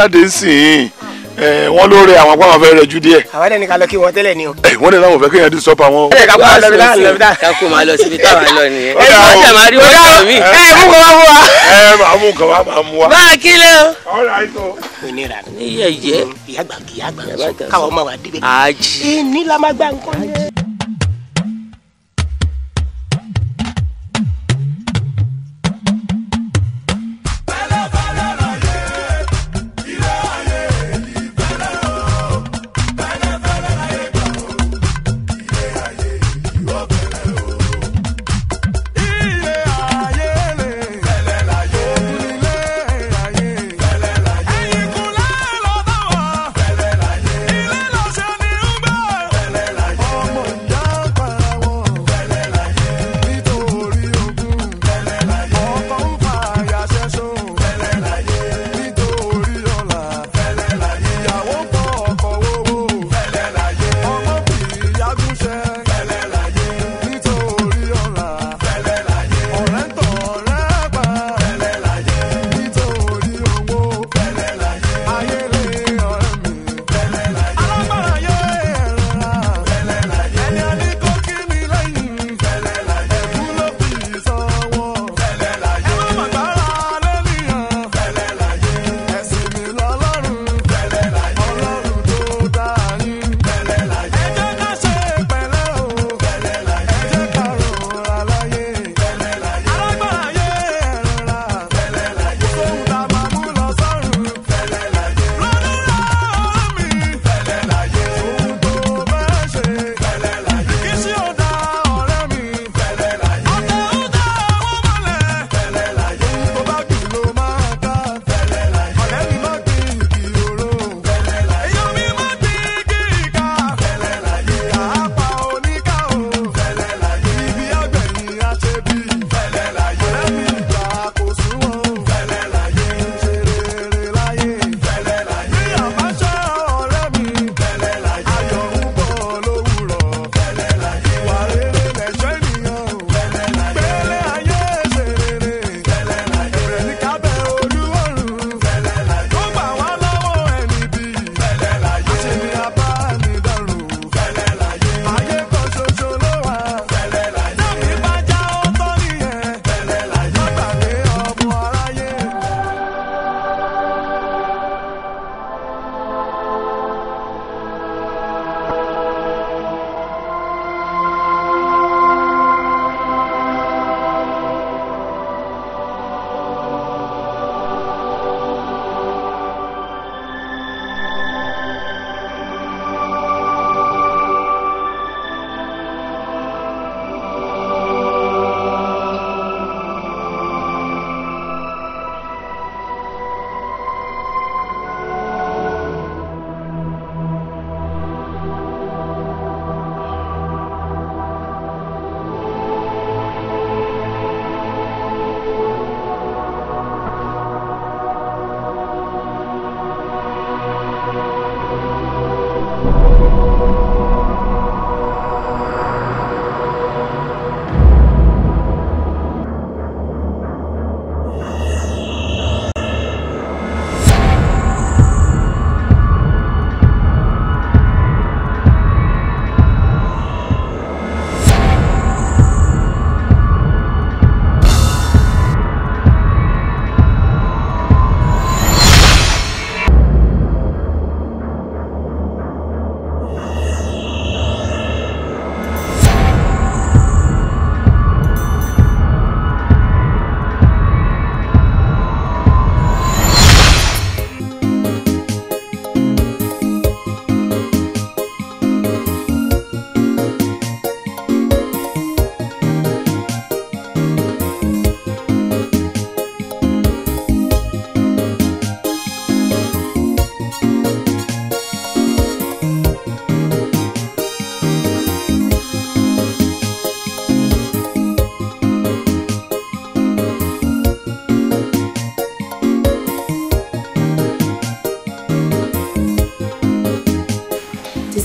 jáde nsìn wọn ló rẹ àwọn apáwọn fẹẹ rẹ jù díẹ̀. àwọn ẹni ká lọ kí wọn tẹ́lẹ̀ ni o. ẹ wọn lè láwọn fẹ́ kí yẹn dín sọpa wọn. ẹ kakú máa lọ síbi táwọn lọ kakú máa lọ síbi táwọn lọ nìyẹn. ẹ máa tẹ̀ rí wọn tẹ̀ mí. ẹ mú kọ wá mú wa. ẹ máa mú kọ máa mú wa. máa kí lẹ. ọ̀rọ̀ àìsàn. onírà ní yẹ̀yẹ́. ìyá gbàgbé ìyá gbàgbé káwọn máa wà débẹ̀.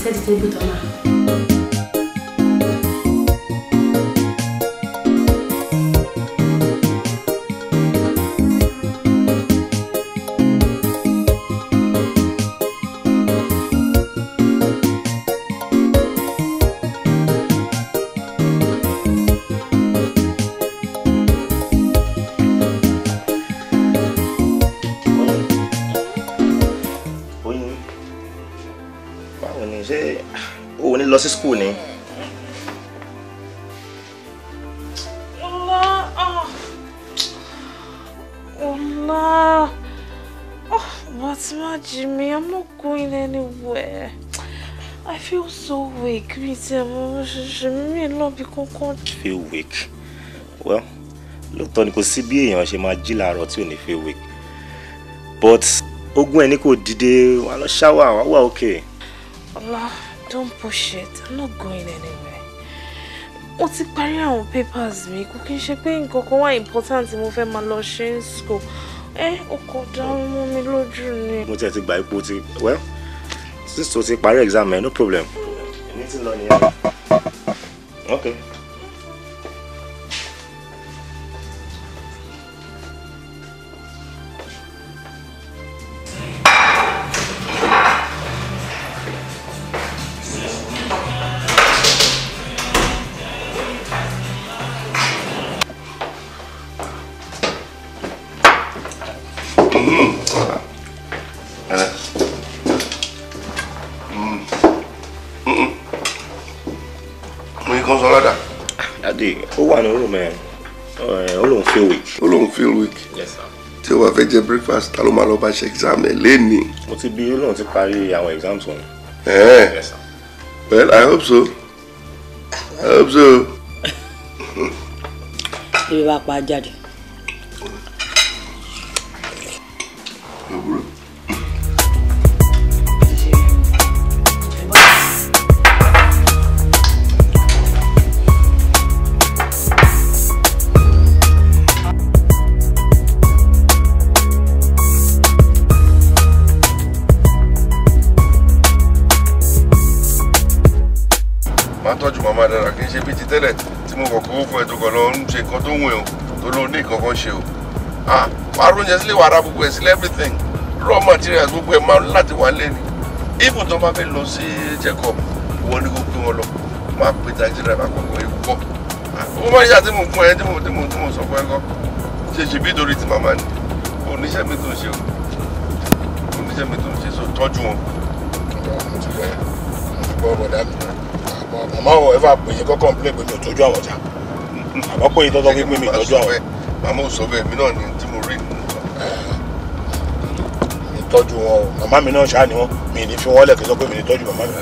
这是印度嘛？ibi kankan. feel weak well lóòótọ́ ni kò sí bí èèyàn ṣe máa jí làárọ̀ tí ò ní feel weak but ogun ẹni kò dìde wà lọ ṣáwà wà wà òkè. ọlá don't push it i'm not going anywhere. mo ti parí àwọn papers mi kò kí n ṣe pé nǹkan kan wá important mo fẹ́ máa lọ ṣe ní school ẹ o kò dáhùn mọ́ mi lójú ni. mo tiẹ̀ ti gba ipò ti well since o ti parí exam ẹ no problem. Mm. èmi ti lọ nìyẹn. Okay. room ẹ ó lóun feel weak. ó lóun feel weak. yes sir. tí o bá fẹ́ jẹ breakfast ta ló máa lọ bá ṣe exam ẹ lẹ́ni. mo ti bi ó lóun ti parí àwọn exams wọn. yes sir. well i hope so i hope so. bí bá pa jáde. orúkọ ẹ̀ tó kàn lọ ń ṣe nǹkan tó ń wọ̀nyàn tó ló ní ìkọ̀kọ̀ ṣe o ah wàá rúnjẹ sílé wàá ra gbogbo ẹ̀ sílé everything raw materials gbogbo ẹ̀ máa láti wà lẹ́ni even tó bá fẹ́ lọ sí check-up ìwọ ni kò gbé wọn lọ máa pè taxi driver kọ̀ọ̀kan ewu kọ́ ah, ó máa yà tí mo fún ẹ tí mo tí mo tí mo sọ fún ẹ kọ́ ṣe ṣe bí torí ti màmá ni oníṣẹ́ mi tó ń ṣe o oníṣẹ́ mi tó ń so tọ́jú wọn. mo ti àmọ́ ọ̀rọ̀ ẹ é kọ́kọ́ ń pè é pé mi ò tọ́jú àwọn ọjà àmọ́ pé ìtọ́jọ́ pé mímí ìtọ́jú àwọn. màmá ò sọ bẹ́ẹ̀ mi náà ni tí mo rí nínú. ìtọ́jú wọn o màmá mi náà ṣáà ni wọn mi ní fi wọn lẹ̀ kí n sọ pé mi ní tọ́jú màmá mi.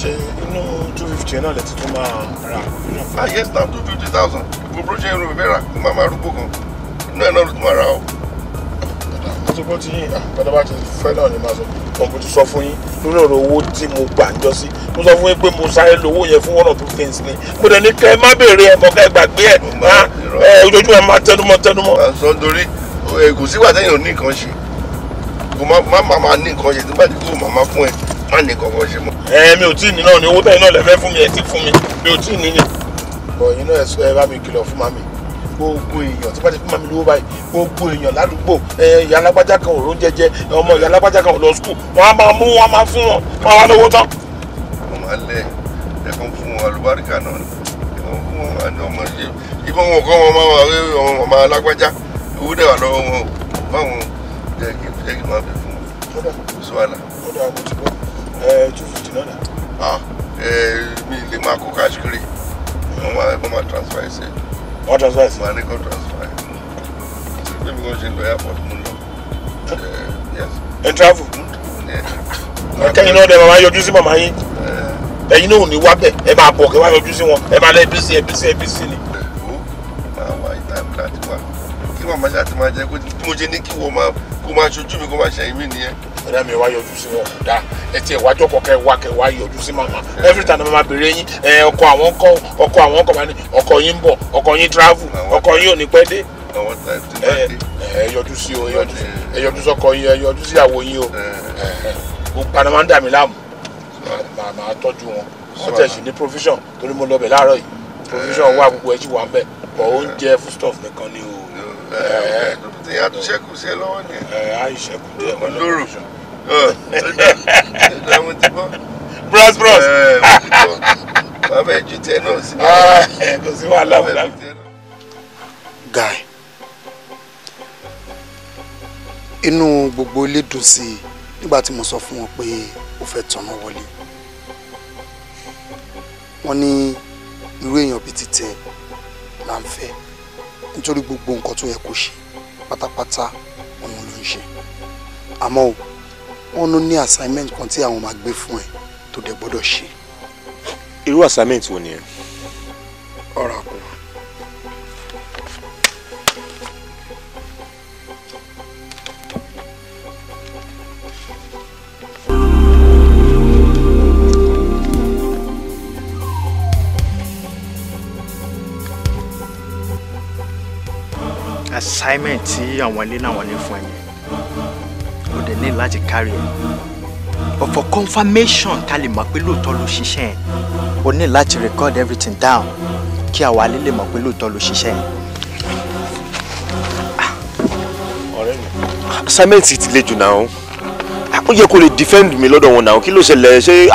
ṣé inú two fifty náà lè ti tún máa ra. ayé stamp two fifty thousand gbogbo ṣe irun ìfẹ́ rà kí màmá arúgbó kan inú ẹ̀ náà ló tún máa ra o. mo ti gbọ́ tí yín àgbàdo bá ti fẹ́ náà ni máa sọ pé sọ fún ti sọ fún yín lórí ọ̀rọ̀ owó tí mo gbà ń jọ mo sọ fún yín pé mo sáré lówó yẹn fún one or two things ni mo dẹ̀ ní kẹ́ ẹ má béèrè ẹ̀ mọ́kẹ́ gbàgbé ẹ̀ ah, ẹ ojoojúmọ́ máa tẹnumọ́ tẹnumọ́. sọ nítorí kò sígbà téèyàn ò ní nǹkan ṣe kò má má má ní nǹkan ṣe tó bá ti kó màmá fún ẹ má ní kankan ṣe mọ́. ẹ mi ò tí ì ní náà ni owó tẹ̀yìn náà lẹ́fẹ́ fún mi ẹ̀ tí fún mi mi ò tí ì ní ni. bọ̀ yín náà ẹ bá mi kìlọ̀ fún màmí gbogbo èèyàn tí bá ti fún mami lówó báyìí gbogbo èèyàn ládùúgbò ìyá alágbájá kan òró jẹjẹ ọmọ ìyá alágbájá kan òró skul wọn á máa mú wọn á máa fún wọn wọn á wá lówó tán. ọmọ alẹ ẹkún fún wọn alùbáríkà náà ẹkún fún wọn àti ọmọ yìí ìbọn wọn kọ wọn máa wà wí ọmọ ọmọ alágbájá owó dẹ̀ wà lọ́wọ́ wọn o báwọn jẹ́ kí jẹ́ kí máa bẹ̀ fún wọn kò sí wàhálà. ọ̀dà mo ti bọ́ ẹ̀ two fifty náírà. ah ẹ̀ mi lè máa kó káàkiri wọ́n máa transfer ẹ̀ sẹ́yìn. Wọ́n transfer sí. Màá ní kó transfer. Ṣé bí wọ́n ṣe lọ airport mú uh, yes. Ẹ travel. Yes. náà dẹ̀ màmá yọjú sí màmá yín. Ẹ̀yin náà ò ní wá bẹ̀. Ẹ máa bọ̀ kẹ́ wá yọjú sí wọn. Ẹ máa lọ ẹbí sí ẹbí sí ẹbí sí ni. Màá wá ìta ìta ti wá. Kí màmá ṣàtìmájẹ kó mo ṣe ní kí wọ́n máa kó máa ṣojú mi kó máa ṣẹ̀yìn mi nìyẹn ọ̀rẹ́ mi wá yọjú sí wọn kò dáa ẹ tiẹ̀ wá jókòó kẹ́ wá kẹ́ wá yọjú sí màmá every time màmá béèrè yín ẹ ọkọ àwọn kọ ọkọ àwọn kọ bá ní ọkọ yín ń bọ̀ ọkọ yín travel ọkọ yín ò ní pẹ́ dé ẹ yọjú sí o ẹ yọjú sọkọ yín ẹ yọjú sí ìyàwó yín o gbogbo àná máa ń dà mí láàmú màá tọ́jú wọn wọ́n tẹ̀ sí ní provision torí mo lọ bẹ̀ láàárọ̀ yìí provision wà gbogbo ẹ̀ sì wà ń bẹ̀ bọ̀ oúnjẹ foodstuff nìkan ni o tí a tún ṣẹ́kù sí ẹ lọ́wọ́ ni. ẹ á ìṣẹ́kù díẹ̀ mọ́ lóru. ẹ̀dá mo ti bọ́. bros bros. ẹ mo ti bọ́ bàbá ẹjú tẹ náà sí. Ah, kò sí wàhálà wàhálà. guy inú gbogbo ilé dùn sí i nígbà tí mo sọ fún wọn pé ó fẹ́ tọ̀nà wọlé wọ́n ní irú èèyàn bíi ti tẹ là nítorí gbogbo nǹkan tó yẹ kó ṣe pátápátá òun ló ń ṣe àmọ́ o wọ́n ló ní assignment kan tí àwọn máa gbé fún ẹ tó dẹ̀ gbọ́dọ̀ ṣe. irú assignment wo ni ẹ. assignment tí àwọn ilé náà wọ́n ní fún ẹ yẹn o dẹ̀ ní láti carry ẹ but for confirmation ká lè mọ̀ pé lóòótọ́ ló ṣiṣẹ́ yẹn o ní láti record everything down kí àwa lè lè mọ̀ pé lóòótọ́ ló ṣiṣẹ́ yẹn. ọ̀rẹ́ mi assignment ti le jù náà ó yẹ kó lè defend mi lọ́dọ̀ wọn náà kí ló ṣẹlẹ̀ ṣe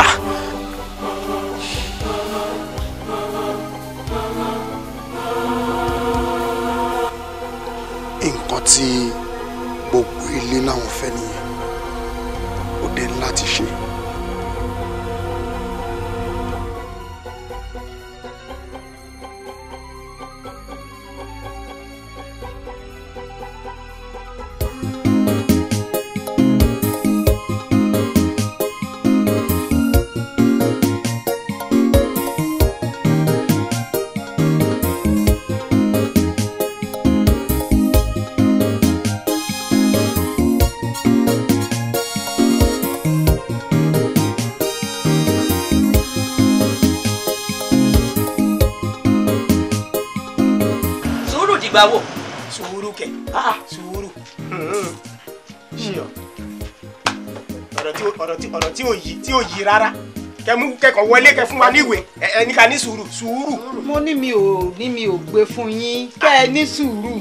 kẹ mú kẹkọọ wọlé kẹ fún wa níwèé ẹ ní ká ní sùúrù sùúrù. mo ní mi ò ní mi ò gbé fún yín kẹ ẹ ní sùúrù.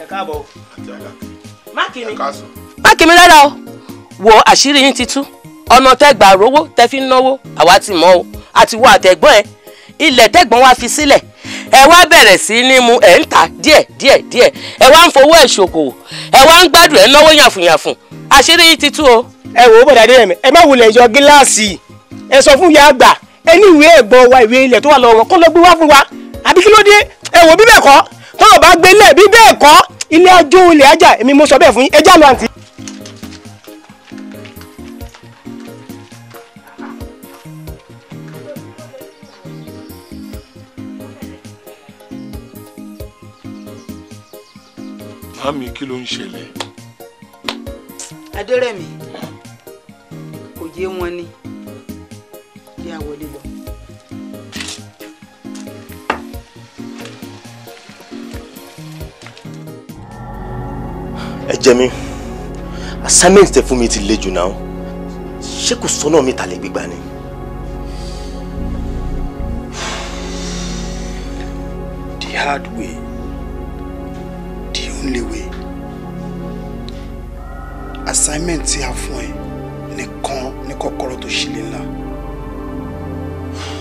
ẹ káàbọ̀ o wo àṣírí yín ti tú ọ̀nà tẹ gbà rówó tẹ fi ń náwó àwa ti mọ̀ o àti wo àtẹ̀gbọ́n ẹ ilẹ̀ tẹ̀gbọ́n wa fi sílẹ̀ ẹ wá bẹ̀rẹ̀ sí ní mu ẹ̀ ń tà díẹ̀ díẹ̀ díẹ̀ ẹ wá ń fowó ẹ̀ ṣòkòwò ẹ wá ń gbádùn ẹ̀ náwó yànfùnyànfùn àṣírí yìí ti o ẹ wò ó bọ̀dà Adéyẹmí ẹ má wulẹ̀ yọ gíláàsì ẹ sọ fún ìyá ẹ ní ìwé ẹ̀gbọ́n wa ìwé ilẹ̀ tó wà lọ́wọ́ kọ́ ló gbé wá fún wa àbí kí ló dé ẹ wò bí bẹ́ẹ̀ kọ́ tọ́lọ̀ bá gbé lẹ̀ bí bẹ́ẹ̀ kọ́ ilé ajó ilé ajá èmi mo sọ bẹ́ẹ̀ fún yín lọ àǹtí. màámi kí ló ń ṣẹlẹ̀. adérẹ̀mí yé wọn ni bí a wọlé lọ. ẹ jẹ mi assignment tẹ fún mi ti le jù náà ṣé kò sọ́nà mi ta lè gbégbá ni. the hard way the only way assignment tí a fún ẹ nìkan ní kọ́kọ́rọ́ tó ṣílé ńlá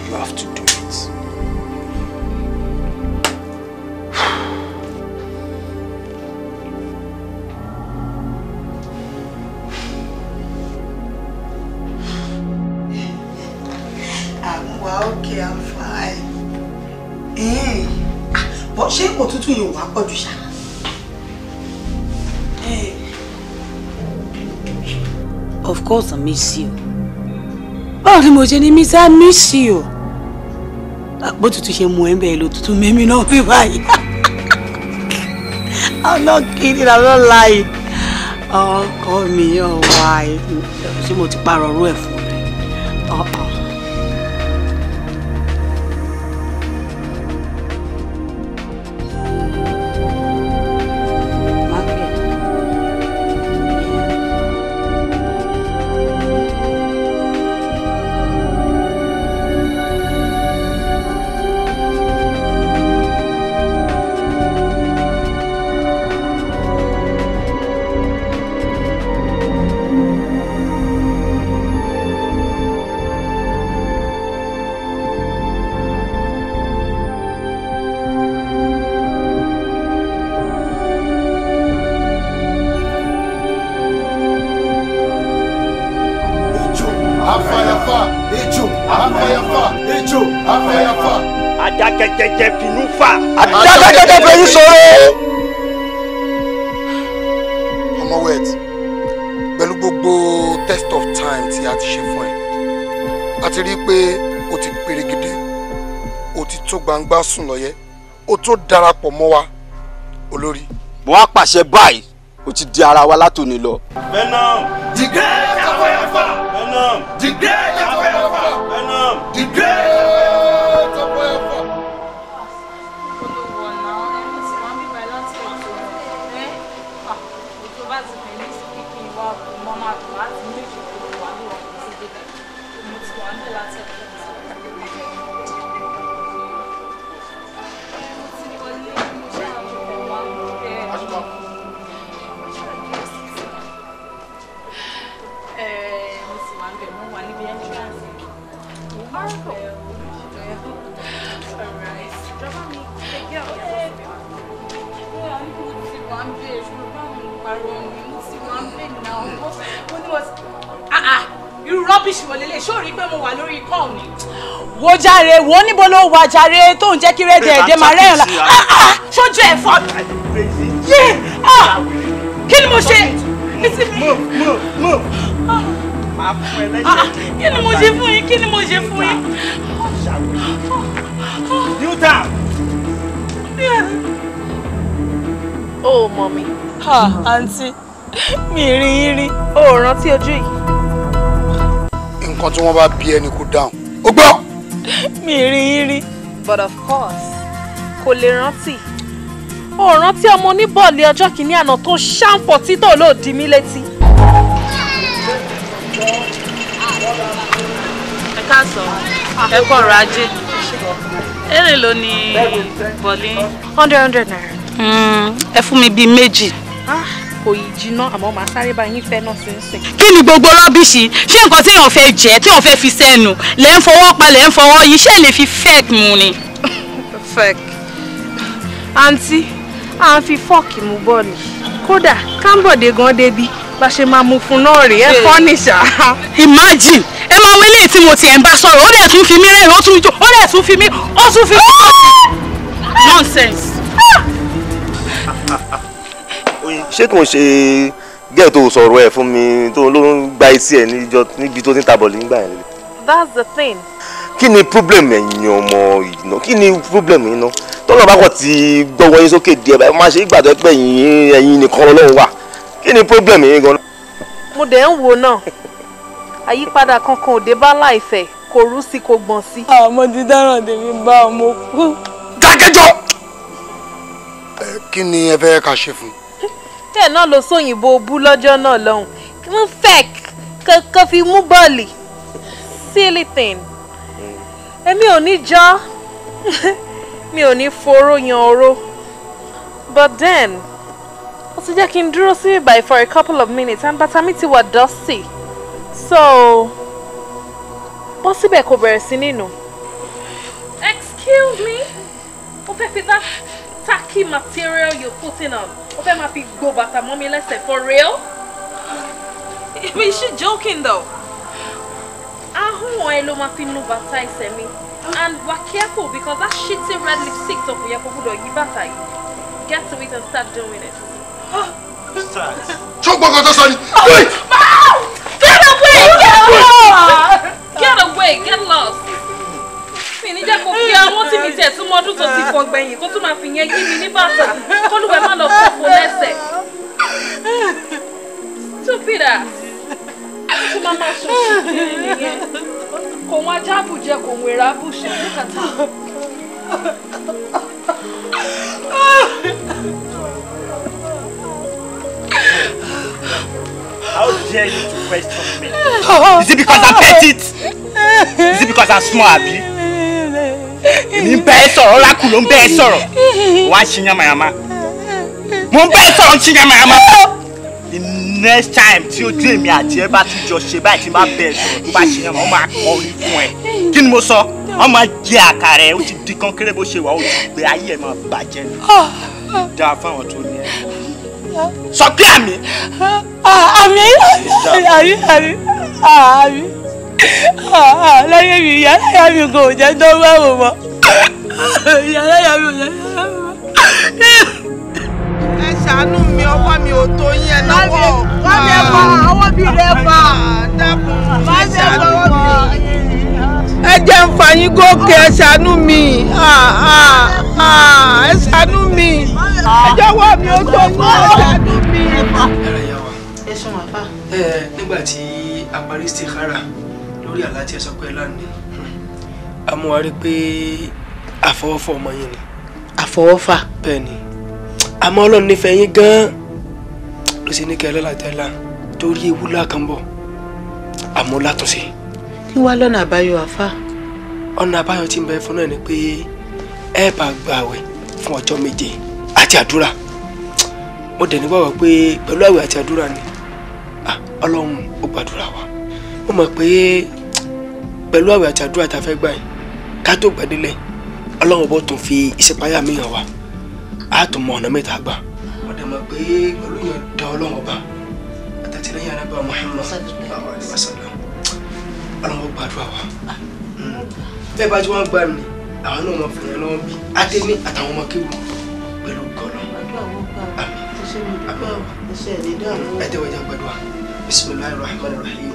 you have to do it. àwa okay I'm fine. Eh, ah, yìí ò wá pọ̀ jù ṣáà. course I miss you. Báwo ni mo ṣe ní miss I miss you? Ah, bó tutù ṣe mú ẹ ń bẹ̀rẹ̀ ló tutù mímí náà fi báyìí. I'm not kidding, I'm not lying. Ọkọ mi, ọ̀wá, ṣé mo ti parọ̀ ọ̀rọ̀ ẹ̀ fún? ó darapọ̀ mọ́ wa olórí. mo wá pàṣẹ báyìí ó ti di ara wa látòní lọ. venom. the girl. wà ń bẹ̀ ṣùgbọ́n báwo ni parọ́ mi mo ti wà ń bẹ̀ náà mo ní mo ti irú rọ́bìṣì wò lélẹ̀ ṣó rí pé mo wà lórí ikọ́ mi. wo jàre wo níbo ló wà jàre tó ń jẹ́ kí rẹ́dẹ̀ ẹ̀dẹ̀ máa rẹ́yàn la ṣojú ẹ̀ fọ́ yé ah, kí ni mo ṣe ní ti fi. kí ni mo ṣe fún yín kí ni mo ṣe fún yín. Ah, ah, new Yeah. Oh, mommy. mọ̀ mi. ha àǹtí mi rí yín rí o ò rántí ojú yìí. nǹkan tí wọ́n bá bí ẹni kú dáhùn ó gbọ́. mi rí yín but of course kò lè rántí o ò rántí ọmọ oníbọ̀ọ̀lì ọjọ́ kìíní àná tó ṣàǹfọ̀ títò lòdì mí létí. ẹ káàsán ẹ kọ̀ ọ̀rọ̀ ajé èrè ló ní bọ̀ọ̀lì. hundred hundred naira ẹ fún mi bíi méjì. Ah, kò yí jiná àmọ́ màá sáré bá yín fẹ́ náà sínsìn. kí ni gbogbo rọ́bìṣì ṣé nǹkan téèyàn fẹ́ jẹ́ téèyàn fẹ́ fi sẹ́nu lẹ́ ń fọwọ́ pa lẹ́ ń fọwọ́ yìí ṣé lè fi fẹ́ẹ̀k mu ni. fẹ́ẹ̀k àǹtí à ń fi fọ́ọ̀kì mu bọ́ọ̀lì kódà kámbọ̀dé gan débi bá ṣe máa mu fún náà rèé ẹ fọ́ nìṣá. imagine ẹ máa wọlé tí mo tiẹ̀ ń bá sọ̀rọ̀ ó dẹ̀ tún fi mí rẹ́rìn ó tún fi mí ó tún fi mí. nonsense ṣé kò ṣe gẹ́ẹ̀ sọ̀rọ̀ ẹ̀ fún mi tó ló ń gba etí ẹ̀ níbi tó ti ta bọ̀lì nígbà yẹn. that's the thing. kí ni problem ẹ̀yin ọmọ ìná kí ni problem iná tọ́lọ́ bá kọ̀ ti gbọ́wọ́ yín sókè díẹ̀ báyìí máa ṣe ìgbà tó pẹ́ yín ẹ̀yin nìkan ọlọ́run wà kí ni problem yín gan. mo dẹ̀ ń wo náà àyípadà kankan ò dé bá láìfẹ́ kò rú sí kò gbọ̀n sí. àmọ́ ah, ti dáràn tèmi bá ọmọ kú. dákẹ́jọ́. kí ni ẹ fẹ́ ká ṣe fún un tẹ̀ náà ló sóyìnbó bú lọ́jọ́ náà lọ́hùn ń fẹ́k kankan fi mú bọ́ọ̀lì silly thing èmi ò ní jọ́ mi ò ní foró yan oró but then ó ti jẹ́ kí n dúró sí ibà for a couple of minutes and bàtà mi ti wà dusty so bọ́ síbẹ̀ kò bẹ̀rẹ̀ sí nínú. excuse me ó fẹ́ fi bá tacky material you're putting on o fẹ́ máa fi gbo bàtà mọ́ mi lẹ́sẹ̀ for real. I mean, she joking though. ahọ́n ẹ ló máa fi nu bàtà ẹsẹ̀ mi and wà careful because that shitty red lipstick tó we have put on yí bàtà yìí get to it and start doing it. ṣùgbọ́n kan tó sọ ni. Oh, get away get away get away get lost. mi ní jẹ́ kó fi àwọn tí mi tẹ̀ súnmọ́ ọdún tó ti fọ gbẹ̀yìn kó tún máa fi yẹn yí mi ní bàtà kólúwẹ̀ má lọ fọ́ lẹ́sẹ̀. stupid ó tún máa máa ṣòṣì kiri nìyẹn kò wọn ajá àbùjẹ kò wọn èrà àbùṣe níkàtà. How dare you to question me? Is it because I'm petite? Is it because I'm small, Abby? èmi ń bẹ́ẹ̀ sọ̀rọ̀ lákùn ló ń bẹ́ẹ̀ sọ̀rọ̀ wá ṣe yamayama mo ń bẹ́ẹ̀ sọ̀rọ̀ ń ṣe yamayama the next time tí ojú èmi àti ẹ bá tún jọ ṣe báyìí tí n bá bẹ́ẹ̀ sọ̀rọ̀ tó bá ṣe yàmà ó máa kọ orí fún ẹ kí ni mo sọ ọ máa jẹ àkàrà ẹ ó ti di kankéré bó ṣe wà ó ti gbé ayé ẹ máa bàjẹ́ ni dáa fáwọn tó ní ẹ sọ pé àmì. àmì àmì àmì àmì láyé mi ìyá láyà mi kò jẹ́ dánwó àwò mọ́ ìyá láyà mi ò jẹ́ dánwó ẹ ṣàánú mi ọwọ́ mi ò tó yín ẹ náwó. wọ́n lè fa ọwọ́ mi rẹ̀ fa. dákun ẹ ṣàánú mi. ẹ jẹ́ ń fa yín gòkè ẹ ṣàánú mi ẹ ṣàánú mi ẹ jọ̀wọ́ mi ò tó yín ẹ ṣàánú mi. ẹ ṣọ́n àbá. nígbà tí a parí istikhara lórí àlá tí ẹ sọ pé lánàá a mú wa rí pé àfọwọ́fà ọmọ yẹn ni. àfọwọ́fà. bẹ́ẹ̀ ni àmọ́ ọlọ́run nífẹ̀ẹ́ yín gan-an ló ṣe ní kẹ́ ẹ lọ́la tẹ́lá torí ewu lákan bọ̀ àmọ́ látúnṣe. kí wàá lọ́nà àbáyọ àfà. ọ̀nà àbáyọ tí ń bẹ fún náà ni pé ẹ bá gbààwẹ̀ fún ọjọ́ méje àti àdúrà mo dẹ̀ nígbàgbọ́ pé pẹ̀lú àwẹ̀ àti àdúrà ni ọlọ́run ó gbàdúrà wa mo mọ̀ pé pẹ̀lú àwẹ̀ àti àdúrà tá a fẹ́ gbà yìí ká tó gbàdélẹ̀ ọlọ́run bó tún fi ìṣípayá mi hàn wá á tún mọ ọ̀nà mẹ́ta gbà. wọ́n dẹ̀ mọ̀ pé pẹ̀lú yẹn da ọlọ́run ọba àtàtìlẹ́yìn anábà Muhammad sallallahu alaihi wasallam ọlọ́run ó gbàdúrà wa. bẹ́ẹ̀ bá tí wọ́n gbà mí àwọn náà mọ̀ fún yẹn lọ́wọ́ bí àtẹ̀mí àtàwọn ọmọ kéwù pẹ̀lú gọ́lọ́. ẹ tẹ́wọ́ ìjà gbàdúrà bismillahir rahmanir rahim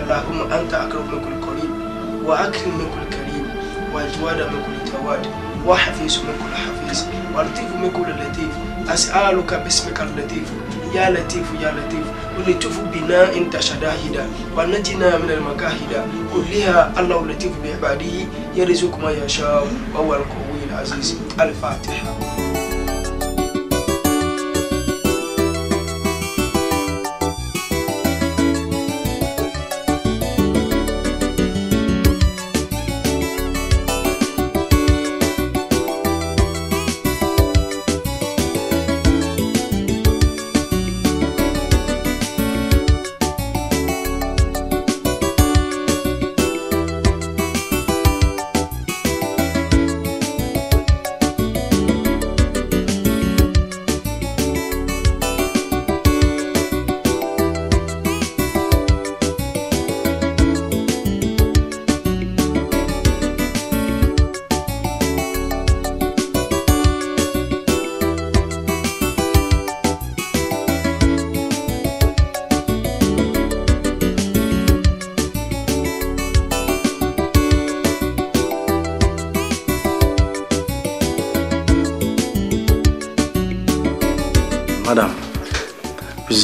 allahumma anta akram min kulli qarin وأكرم منكم الكريم وأجواد منكم الجواد وحفيظ منكم الحفيظ ولطيف منكم اللطيف أسألك باسمك اللطيف يا لطيف يا لطيف ولطف بنا انت شداهدا ونجنا من المكاهدا كلها الله لطيف بعباده يرزق ما يشاء وهو القوي العزيز الفاتحه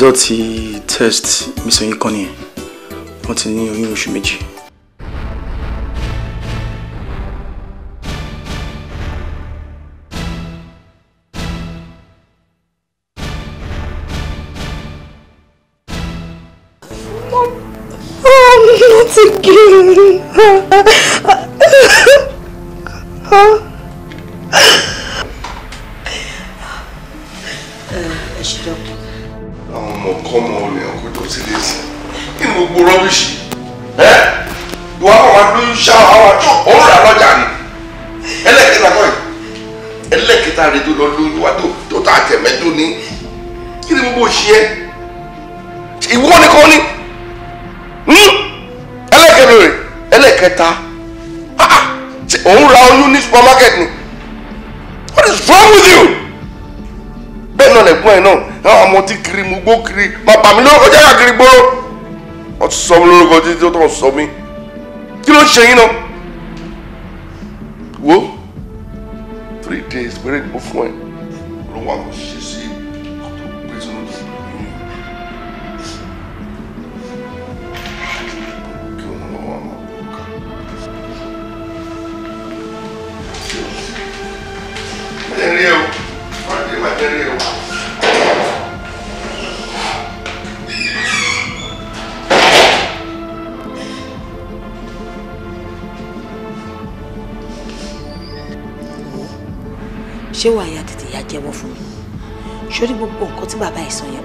result test mi sọ yín kan nìyẹn wọ́n ti ní oyún oṣù méjì. títí tó tọ̀ sọ mí kí ló ṣe yín náà.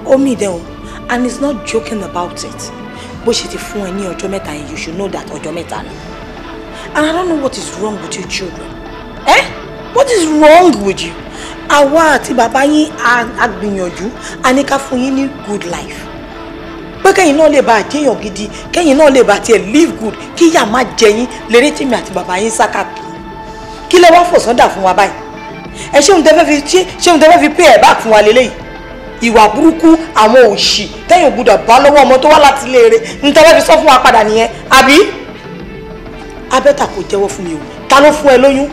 omi dẹ̀ o and he's not joking about it bó ṣe ti fún ẹ ní ọjọ́ mẹ́ta yẹn you should know that ọjọ́ mẹ́ta ni and I don't know what is wrong with your children eh what is wrong with you àwa àti bàbá yín a gbìyànjú a ní fún yín ní good life pé kẹ́yìn náà lè bá àjẹyàn gidi kẹ́yìn náà lè bá tiẹ̀ live good kí ìyà má jẹ yín lérè tèmi àti bàbá yín sá káàkiri kí lẹ wá fòsán dà fún wa báyìí ẹ ṣé òun tẹ fẹ́ fi pay ẹ̀ back fún wa lélẹ́yìí ìwà burúkú àwọn òṣì tẹ́yìn ò bá lọ́wọ́ ọmọ tó wá láti ilé rẹ̀ ń fi sọ fún wa padà nìyẹn àbí abẹ́ta kò jẹ́wọ́ fún mi o ta ló fún ẹ lóyún.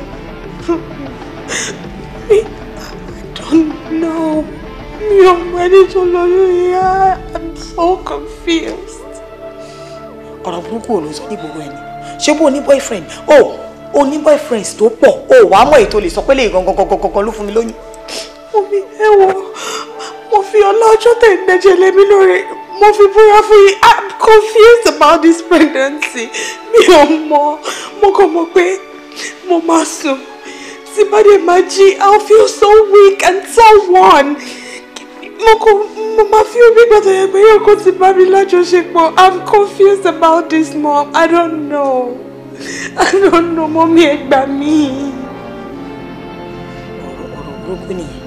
mi I know mi ò mọ ẹni tó lóyún yá I'm so confused. ọ̀rọ̀ burúkú ò ló sọ nígboro ẹni ṣé bó o ní boyfriend o o ní boyfriends tó pọ̀ o wàá mọ̀ èyí lè sọ pé lè gangan gangan ló fún mi lóyún. omi ẹ wo mo fi ọlọ́jọ́ tẹ̀ ń dẹ́jẹ̀ lẹ́mí lórí mo fi búra fún yín i'm confused about this pregnancy mi ò mọ mo kàn mọ̀ pé mo máa sùn tí bá dé máa jí i'll feel so weak and so worn mo kò mo máa fi omi gbọ́dọ̀ yẹn pé yóò kó ti bá mi lájọṣepọ̀ i'm confused about this mom i don't know i don't know mọ́mí ẹ gbà mí. ọ̀rọ̀ ọ̀rọ̀ burúkú nìyẹn.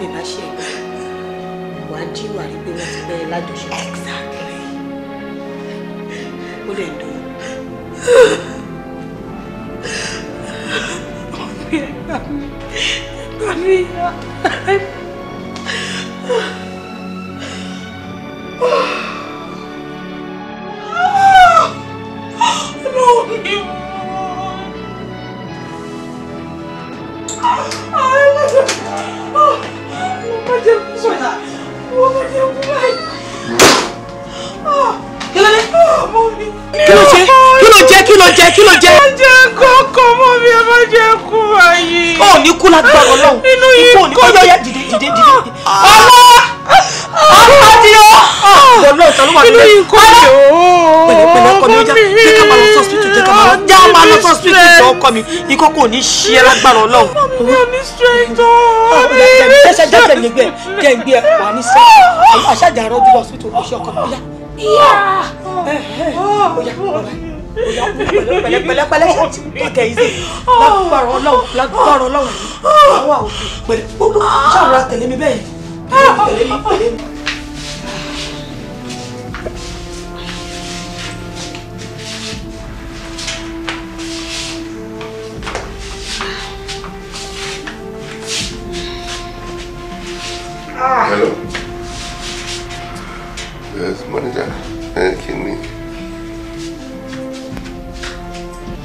mi bá ṣe ẹ̀gbọ́n wàá jí wà rí pé wọ́n ti bẹ̀rẹ̀ lájọṣe. ó lè dùn. ọ̀bí ẹ̀gbà mi ẹ̀gbà mi yá. Oh! Ah! 我们就不卖，我们就不会。啊！kí ló dé kí ló jẹ kí ló jẹ kí ló jẹ kí ló jẹ. ẹ jẹ kókó mọ mi ẹ má jẹ kú ayé. ó ní kú lágbára Ọlọ́run inú yìí kó yọ yọ yẹ dìde dìde dìde ọlọ ọlọ ti yọ ọlọ ìtọ́lú wà nílẹ̀ inú yìí kó yọ pẹ̀lẹ́pẹ̀lẹ́ ọkọ mi ó jẹ jẹ ká máa lọ sọsibítù jẹ ká máa lọ jẹ á máa lọ sọsibítù ìtọ ọkọ mi ikọ kò ní ṣí ẹ lágbára Ọlọ́run. mi ò ní strength ooo mi ò ní strength. jẹ́ ń gbé wà ní sẹ́yìn àṣàjà rọ́jú lọ sọ́sibítù ọ̀ṣẹ́ ọkọ mi yá pẹ̀lẹ́pẹ̀lẹ́ ṣàtì kẹkẹ yìí sí lágbára Ọlọ́run lágbára Ọlọ́run àwa ò pẹ̀lẹ́ gbogbo ṣàrọra tẹ̀lé mi bẹ́ẹ̀ tẹ̀lé mi tẹ̀lé mi. Hello. Because manager, ẹ kí ni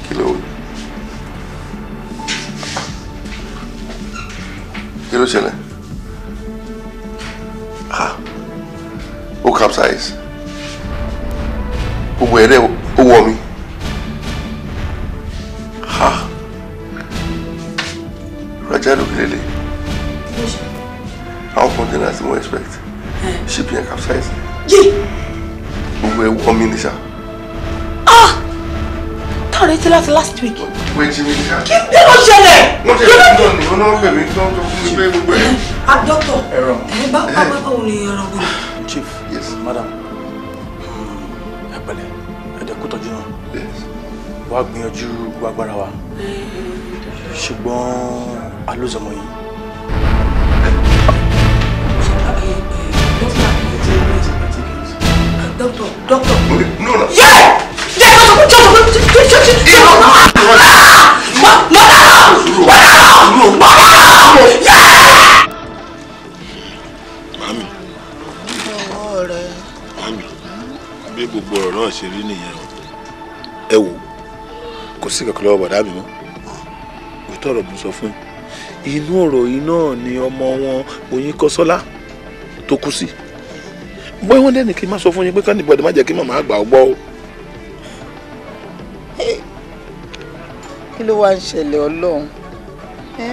kí ló kí ló ṣẹlẹ̀? Ah, ó capsize. Gbogbo ẹ̀rẹ́ o. week. twenty weeks ago. kí ni ló ṣẹlẹ̀. wọ́n ṣe fún náà ni wọ́n náà pè mí tó ń tó fún mi pé gbogbo ẹ̀. a dọ́tọ̀ ẹ bá bá bá báwo ni yes madam ẹ pẹ̀lẹ́ ẹ dẹ̀ kó tọ́jú náà wàá gbìyànjú gbogbo agbára wa no no. yẹ́ gbogbo ọ̀rọ̀ náà ṣe rí nìyẹn o ẹ wò kò sí kankan lọ́wọ́ bàdá mi mọ́ òótọ́ ọ̀rọ̀ mo sọ fún yín inú ọ̀rọ̀ yìí náà ni ọmọ wọn oyin kọsọ́lá tó kú sí bóyá wọn dẹ́ni kí n má sọ fún yín pé ká níbo ọ̀dẹ̀ má jẹ́ kí màmá àgbà ọ gbọ́ o. kí ló wá ń ṣẹlẹ̀ ọlọ́run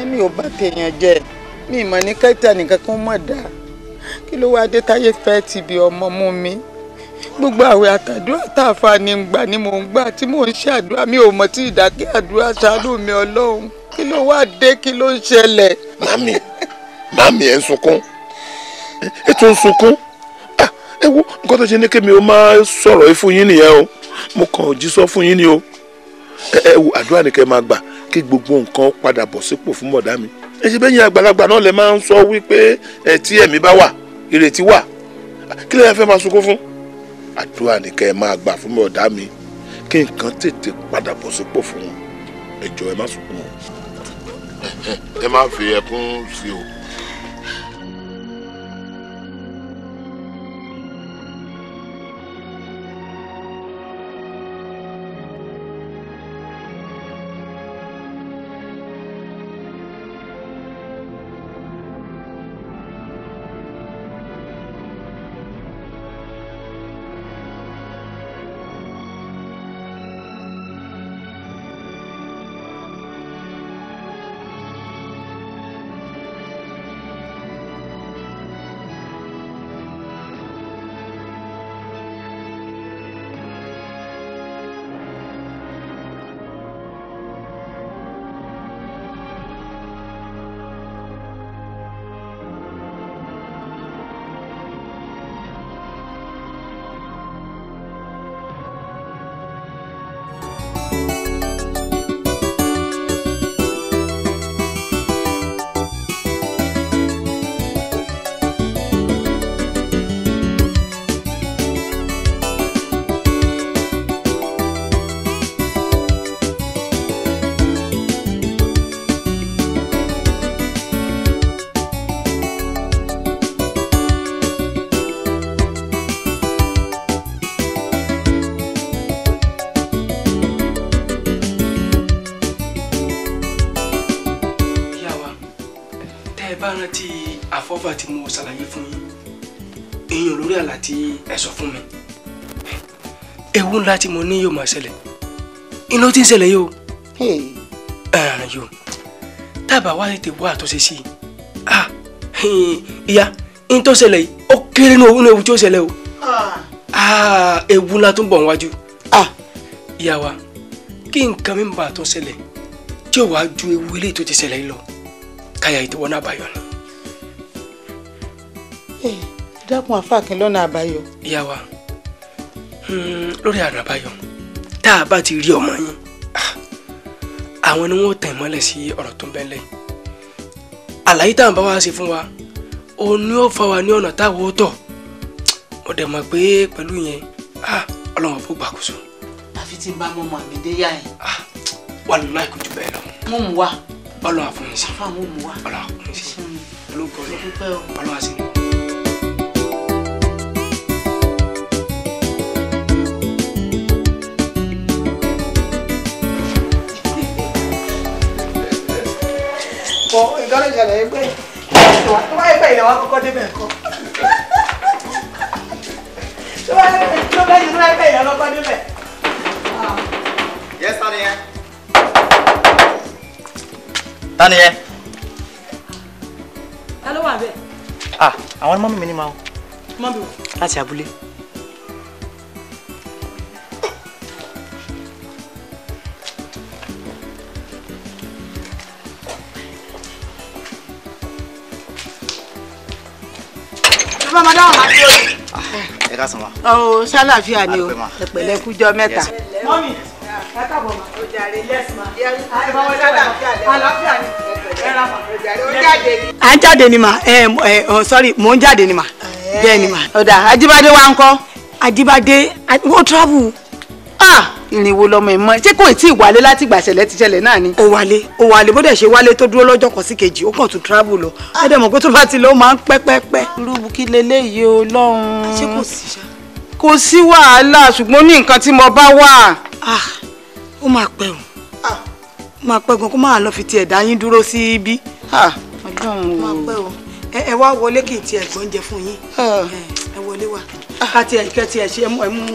mi ò bá tèèyàn jẹ mi ìmọ̀ ní kẹta nìkan kan mọ̀ dá kí ló wá dé táyé fẹ́ tìbí ọmọ mú mi gbogbo àwẹ̀ àtàdúrà tá a fa ni gbà ni mò ń gbà tí mò ń ṣàdúrà mi ò mọ̀ tí ìdákẹ́ àdúrà ṣàánú mi ọlọ́run kí ló wá dé kí ló ń ṣẹlẹ̀. màmí màmí ẹ ń sunkún ẹ tún ń sunkún ah, ẹ wo nǹkan tó ṣe ní kémi ó máa sọ̀rọ̀ ẹ fún yín nìyẹn o mo kàn ò jí sọ fún yín ni o ẹ wo àdúrà ni kẹ́ máa gbà kí gbogbo nǹkan padà bọ̀ sípò fún mọ̀dá mi ẹ ṣe bẹ́yìn àgbàlagbà náà lẹ máa ń sọ wípé ẹ tí ẹ̀mí bá wà ìrètí wà ah, kí lẹ́yìn fẹ́ máa sunkún fún àdúrà ni kẹ́ ẹ máa gbà fún mi ọ̀dá mi kí nǹkan tètè padà bọ̀ sípò fún wọn ẹ jọ̀ọ́ ẹ má sunkún o ẹ má fi ẹkún sí o. fọ́fà tí mo ṣàlàyé fún yín èèyàn lórí àlá tí ẹ sọ fún mi ewu ńlá tí mo ní yóò máa ṣẹlẹ̀ iná tí ń ṣẹlẹ̀ yìí o ẹ̀ràn yìí o tábà wá tètè wá àtúnṣe sí i ìyá ń tó ṣẹlẹ̀ yìí ó kéré ní òun ewu tí ó ṣẹlẹ̀ o ewu ńlá tó ń bọ̀ wájú ìyá wa kí nǹkan mi bá tó ṣẹlẹ̀ tí ò wá ju ewu eléyìí tó ti ṣẹlẹ̀ yìí lọ káyà ìtìwọ́n náà bá yọ̀ ni dákun àfàkín lọ́nà àbáyọ. ìyá wa hmm, lórí àná àbáyọ tá a bá ti rí ọmọ yín ah, àwọn ni wọn tẹ̀ mọ́lẹ̀ sí ọ̀rọ̀ tó ń bẹ lẹ́yìn àlàyé tá à ń bá wa ṣe fún wa òun ni ó fa wa ní ọ̀nà táwọn ó tọ̀ mo dẹ̀ mọ̀ pé pẹ̀lú yẹn ah, ọlọ́run fún gbàkóso. àfi tí n bá mọ ọmọ mi dé yá yẹn. Ah, wàlúùláì kò jù bẹ́ẹ̀ lọ. mo mú wa. ọlọ́run àfọyín sí. àfa mo mú wa. ọlọ́run àfọyín sí. olóògbé ọlọ́run ọlọ́run àṣírí. bọ̀ ìdáná ìṣẹ̀lẹ̀ yìí pé tó bá yẹ pé ìlẹ̀ wa kọ́kọ́ débẹ̀ kọ́ tó bá yẹ pé tó bá yẹ pé ìlẹ̀ wa kọ́kọ́ débẹ̀. Yes, ta ni yẹn? Ta Ah, àwọn mọ́mí mi ni máa ń. Mọ́mí wo? Láti abúlé. bá máa dáhùn máa tó yìí. ẹ ká sọmọ. ọ ṣàlàfíà ni o ẹpẹ̀lẹ́ kújọ mẹ́ta. mọ́mì ẹ káàbọ̀ mà ó jàre lẹ́sìn mà. àìmọ̀wé ṣàlàfíà lẹ́wọ̀ àlàáfíà ni ẹ̀rọ mà ó jàre ó jáde ni. à ń jáde ni mà ẹ ẹ sorry mò ń jáde ni mà bẹ́ẹ̀ ni mà. ọ̀dà Ajíbádé wa ń kọ́ Ajíbádé wọ́n travel ah ìrìnwó lọmọ ẹ mọ ṣé kò tí ì wálé láti ìgbà ti ṣẹlẹ̀ náà ni. ó wálé ó wálé bó dẹ̀ ṣe wálé tó dúró lọ́jọ́ kan sí kejì ó kàn tún travel lọ ẹ dẹ̀ mọ̀ pé tó bá ti lọ máa ń pẹ́ pẹ́ pẹ́. irú kí leléyìí o lọ́hùn ṣé kò sí ṣá. kò sí wàhálà ṣùgbọ́n ní nǹkan tí mo bá wà. Ah, ó máa pẹ́ o ah. máa pẹ́ gan kó máa lọ fi tiẹ̀ dá yín dúró sí ibi. ọjọ́ òun o. máa pẹ́ o ẹ wá wọlé kí n tiẹ̀ gbọ́únjẹ fún yín. Ah ẹ wọlé wa àti ẹ̀kẹ́ tí ẹ ṣe ẹmú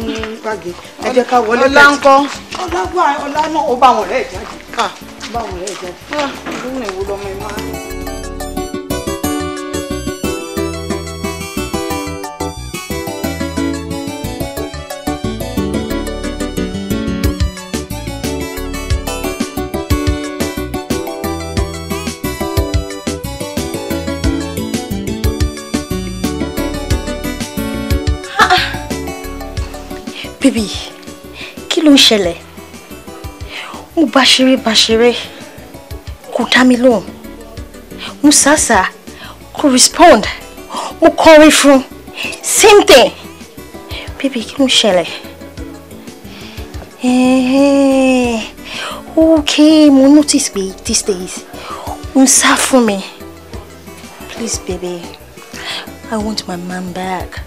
báàgì ẹ jẹ́ ká wọlé bẹ́ẹ̀ ọlá ń kọ́ ó bá wọn rẹ̀ jáde ah. ó bá wọn rẹ̀ jáde ó lóun ẹ máa ń. Bíbí, kí ló ń ṣẹlẹ̀? Mo bá ṣeré bá ṣeré, kò dá mi lóhùn. Mo sàṣà, kò respond. Mo kọrin fún, same thing. Bíbí, kí ló ń ṣẹlẹ̀? Hey, okay, mo notice pé these days, ó ń sá fún mi. Please, baby, I want my man back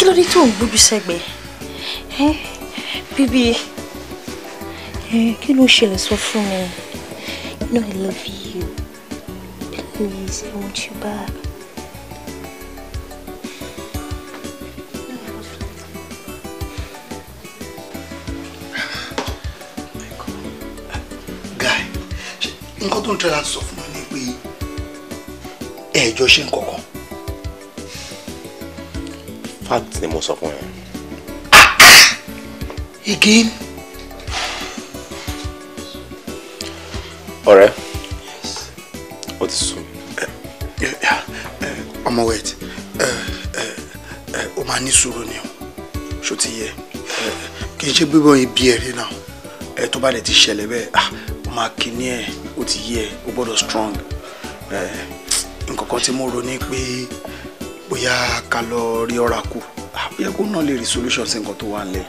kí ló dé tó ń gbójú sẹ́gbẹ̀ bíbí kí ló ṣẹlẹ̀ sọ fún mi no i love you please i want you back. nǹkan tó ń tẹ́ra sọ fún mi ni pé ẹ̀ẹ́jọ́ ṣe ń kọ̀ọ̀kan fact ni mo sọ fún ẹ. again. ọ̀rẹ́ ọmọ wet ọ máa ní ni o ṣó ti yẹ kì í ṣe ibi ẹ̀rí náà ẹ ti ṣẹlẹ̀ bẹ́ẹ̀ ó máa e ti yẹ ó gbọ́dọ̀ strong nǹkan kan tí mo pé. bóyá ká lọ rí ọ̀rá kù àbí ah, ẹ̀kọ́ náà lè rí solution sí nǹkan tó wà nílẹ̀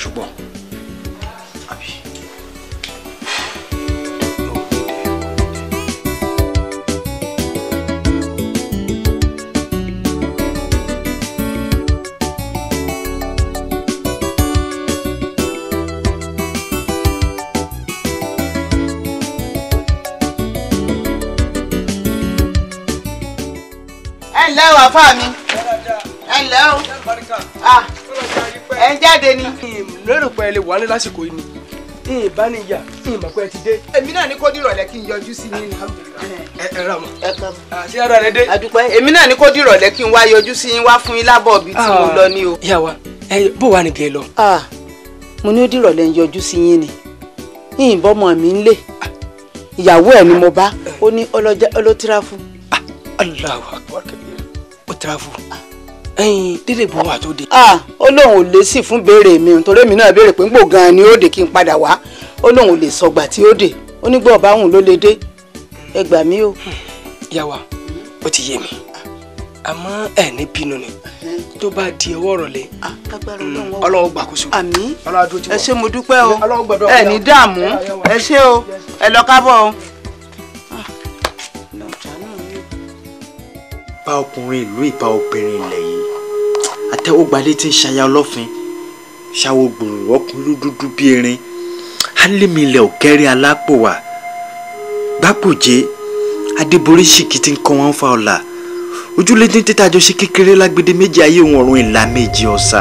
ṣùgbọ́n àbí. ẹ̀lẹ́ o àfáà mi ẹ̀lẹ́ o ẹ̀ ń jáde ni. lérò pé ẹ lè wà ní lásìkò yìí ni ìbániyà ìmọ̀pẹ́ ti dé. èmi náà ní kó dìrọ̀lẹ́ kí n yọjú sí yín ni. ẹ ẹ ra mọ ṣé ara rẹ dé. àdúpẹ́ èmi náà ní kó dìrọ̀lẹ́ kí n wá yọjú sí yín wá fún yín lábọ̀ bíi tí mo ah, lọ ni o. ìyá wa ẹ bó wà nìkẹ́ lọ. mo ní ó dìrọ̀lẹ́ ń yọjú sí yín ni yìnbọn mọ̀ mí ń lè ìyàwó ẹ̀ ni mo bá ó ní ọlọ́jà ọlọ́tìráfù. Ah, Allahu Akbar travel ẹyin dédé bò wà tó de. ah ó lóun ò lè sì fún béèrè mi torí èmi náà béèrè pé ń gbò gan-an ni ó dé kí n padà wá ó lóun ò lè sọgbà tí ó dé ó ní gbọ́ ọ̀bá òun ló lè dé ẹ gbà mí o. Hmm, yàwá ó ti yé mi àmọ́ ẹ̀ ní bínú ni tó bá di ọwọ́ ọ̀rọ̀lẹ́ ah, hmm, ọlọ́wọ́ gbàkóso. àmín ẹ ṣé mo dúpẹ́ o ẹ ní dààmú ẹ ṣé o ẹ lọ kábọ̀ o. bá ọkùnrin ìlú ìbá obìnrin ilẹ̀ yìí àtẹwọ́gbalé tí ń ṣaya ọlọ́fin ṣàwọ gbòòrò ọkùnrin dúdú bí erin alẹ́milẹ̀ ọ̀gẹ́rẹ́ alápò gbàpòjé adébórí ṣìkì tí ń kọ́ wọn fa ọ̀la ojúlé tí ń tẹ́tà àjọṣe kékeré lágbede méjì ayé òun ọ̀run ìlà méjì ọ̀sà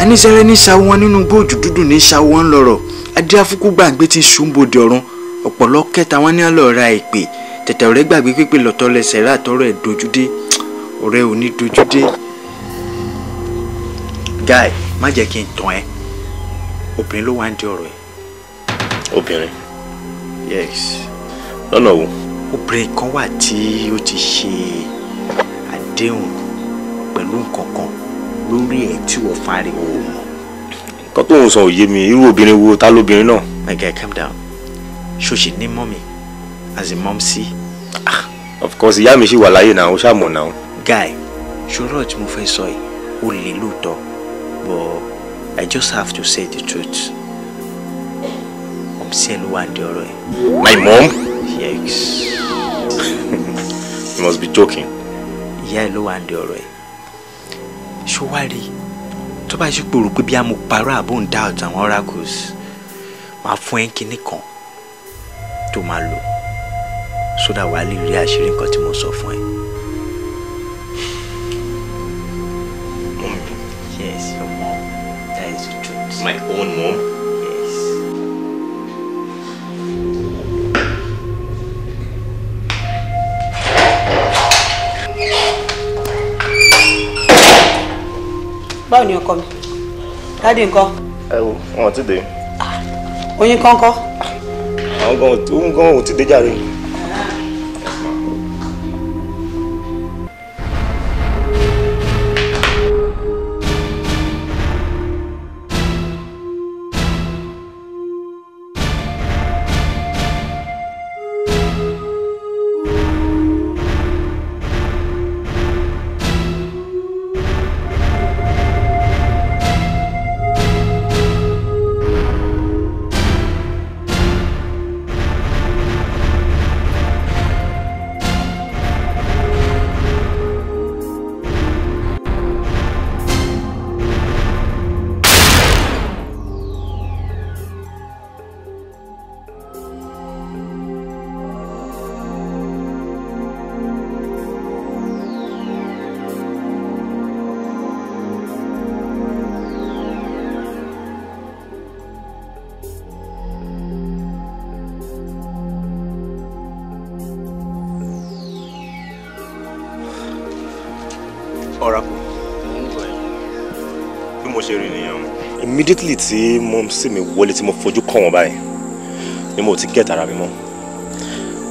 aníṣẹ́rẹ́ ní ṣàwọ́ wọn nínú gbòòjù dúdú ní ṣàwọ́ wọn lọ́rọ̀ adíáfúkú gbàgbé tí ń ṣùnbòdì ọ̀run ọ̀pọ̀lọ́ kẹta wọn ní àlọ́ ra ìpè tẹ̀tẹ̀ ọ̀rẹ́ gbàgbé pípé lọ́tọ́ lẹsẹ̀ rà tọrọ ẹ̀ dojúdé ọ̀rẹ́ ò ní dojúdé. guy má jẹ́ kí n tàn ẹ́ obìnrin ló wá ń di ọ̀rọ̀ ẹ̀. obìnrin. yes. lọ́nà wo. obìnrin kan wà tí ó ti ṣe àdéhùn pẹ̀lú nǹkan kan lórí ẹ̀ tí wọ́n fariwo mọ̀. nǹkan tó ń sọ òye mi irú obìnrin wo ta lóbìnrin náà. my guy calm down ṣó ṣì ní mọ́ mi as a mom see Ah, of course ìyá mi ṣì wà láyé náà ó ṣàmọ̀ náà. guy ṣòro tí mo fẹ́ sọ yìí ó lè lóòótọ́ but i just have to say the truth ọmọ sí ẹ ló wà ní ọ̀rọ̀ ẹ. my mom. yes. you must be joking. ìyá ẹ ló wà ní ọ̀rọ̀ ẹ ṣó wá rí tó bá ṣe pé o rò pé bí a mo parọ́ àbò ń dá ọ̀tàn oracles máa fún ẹ kínní kan tó máa lò sódà wàá lè rí àṣírí nǹkan tí mo sọ fún ẹ. Yes, your mom. That is the truth. My own mom? Yes. báwo ni ọkọ mi dáàdi nǹkan. ẹ wo wọn ò ti dé. Ah, oyin kọ́ńkọ́. àwọn gan-an ò ti dé jàre. immediately tí mo sì mi wọlé tí mo fojú kàn wọ́n báyìí ni mo ti get ara mi mọ́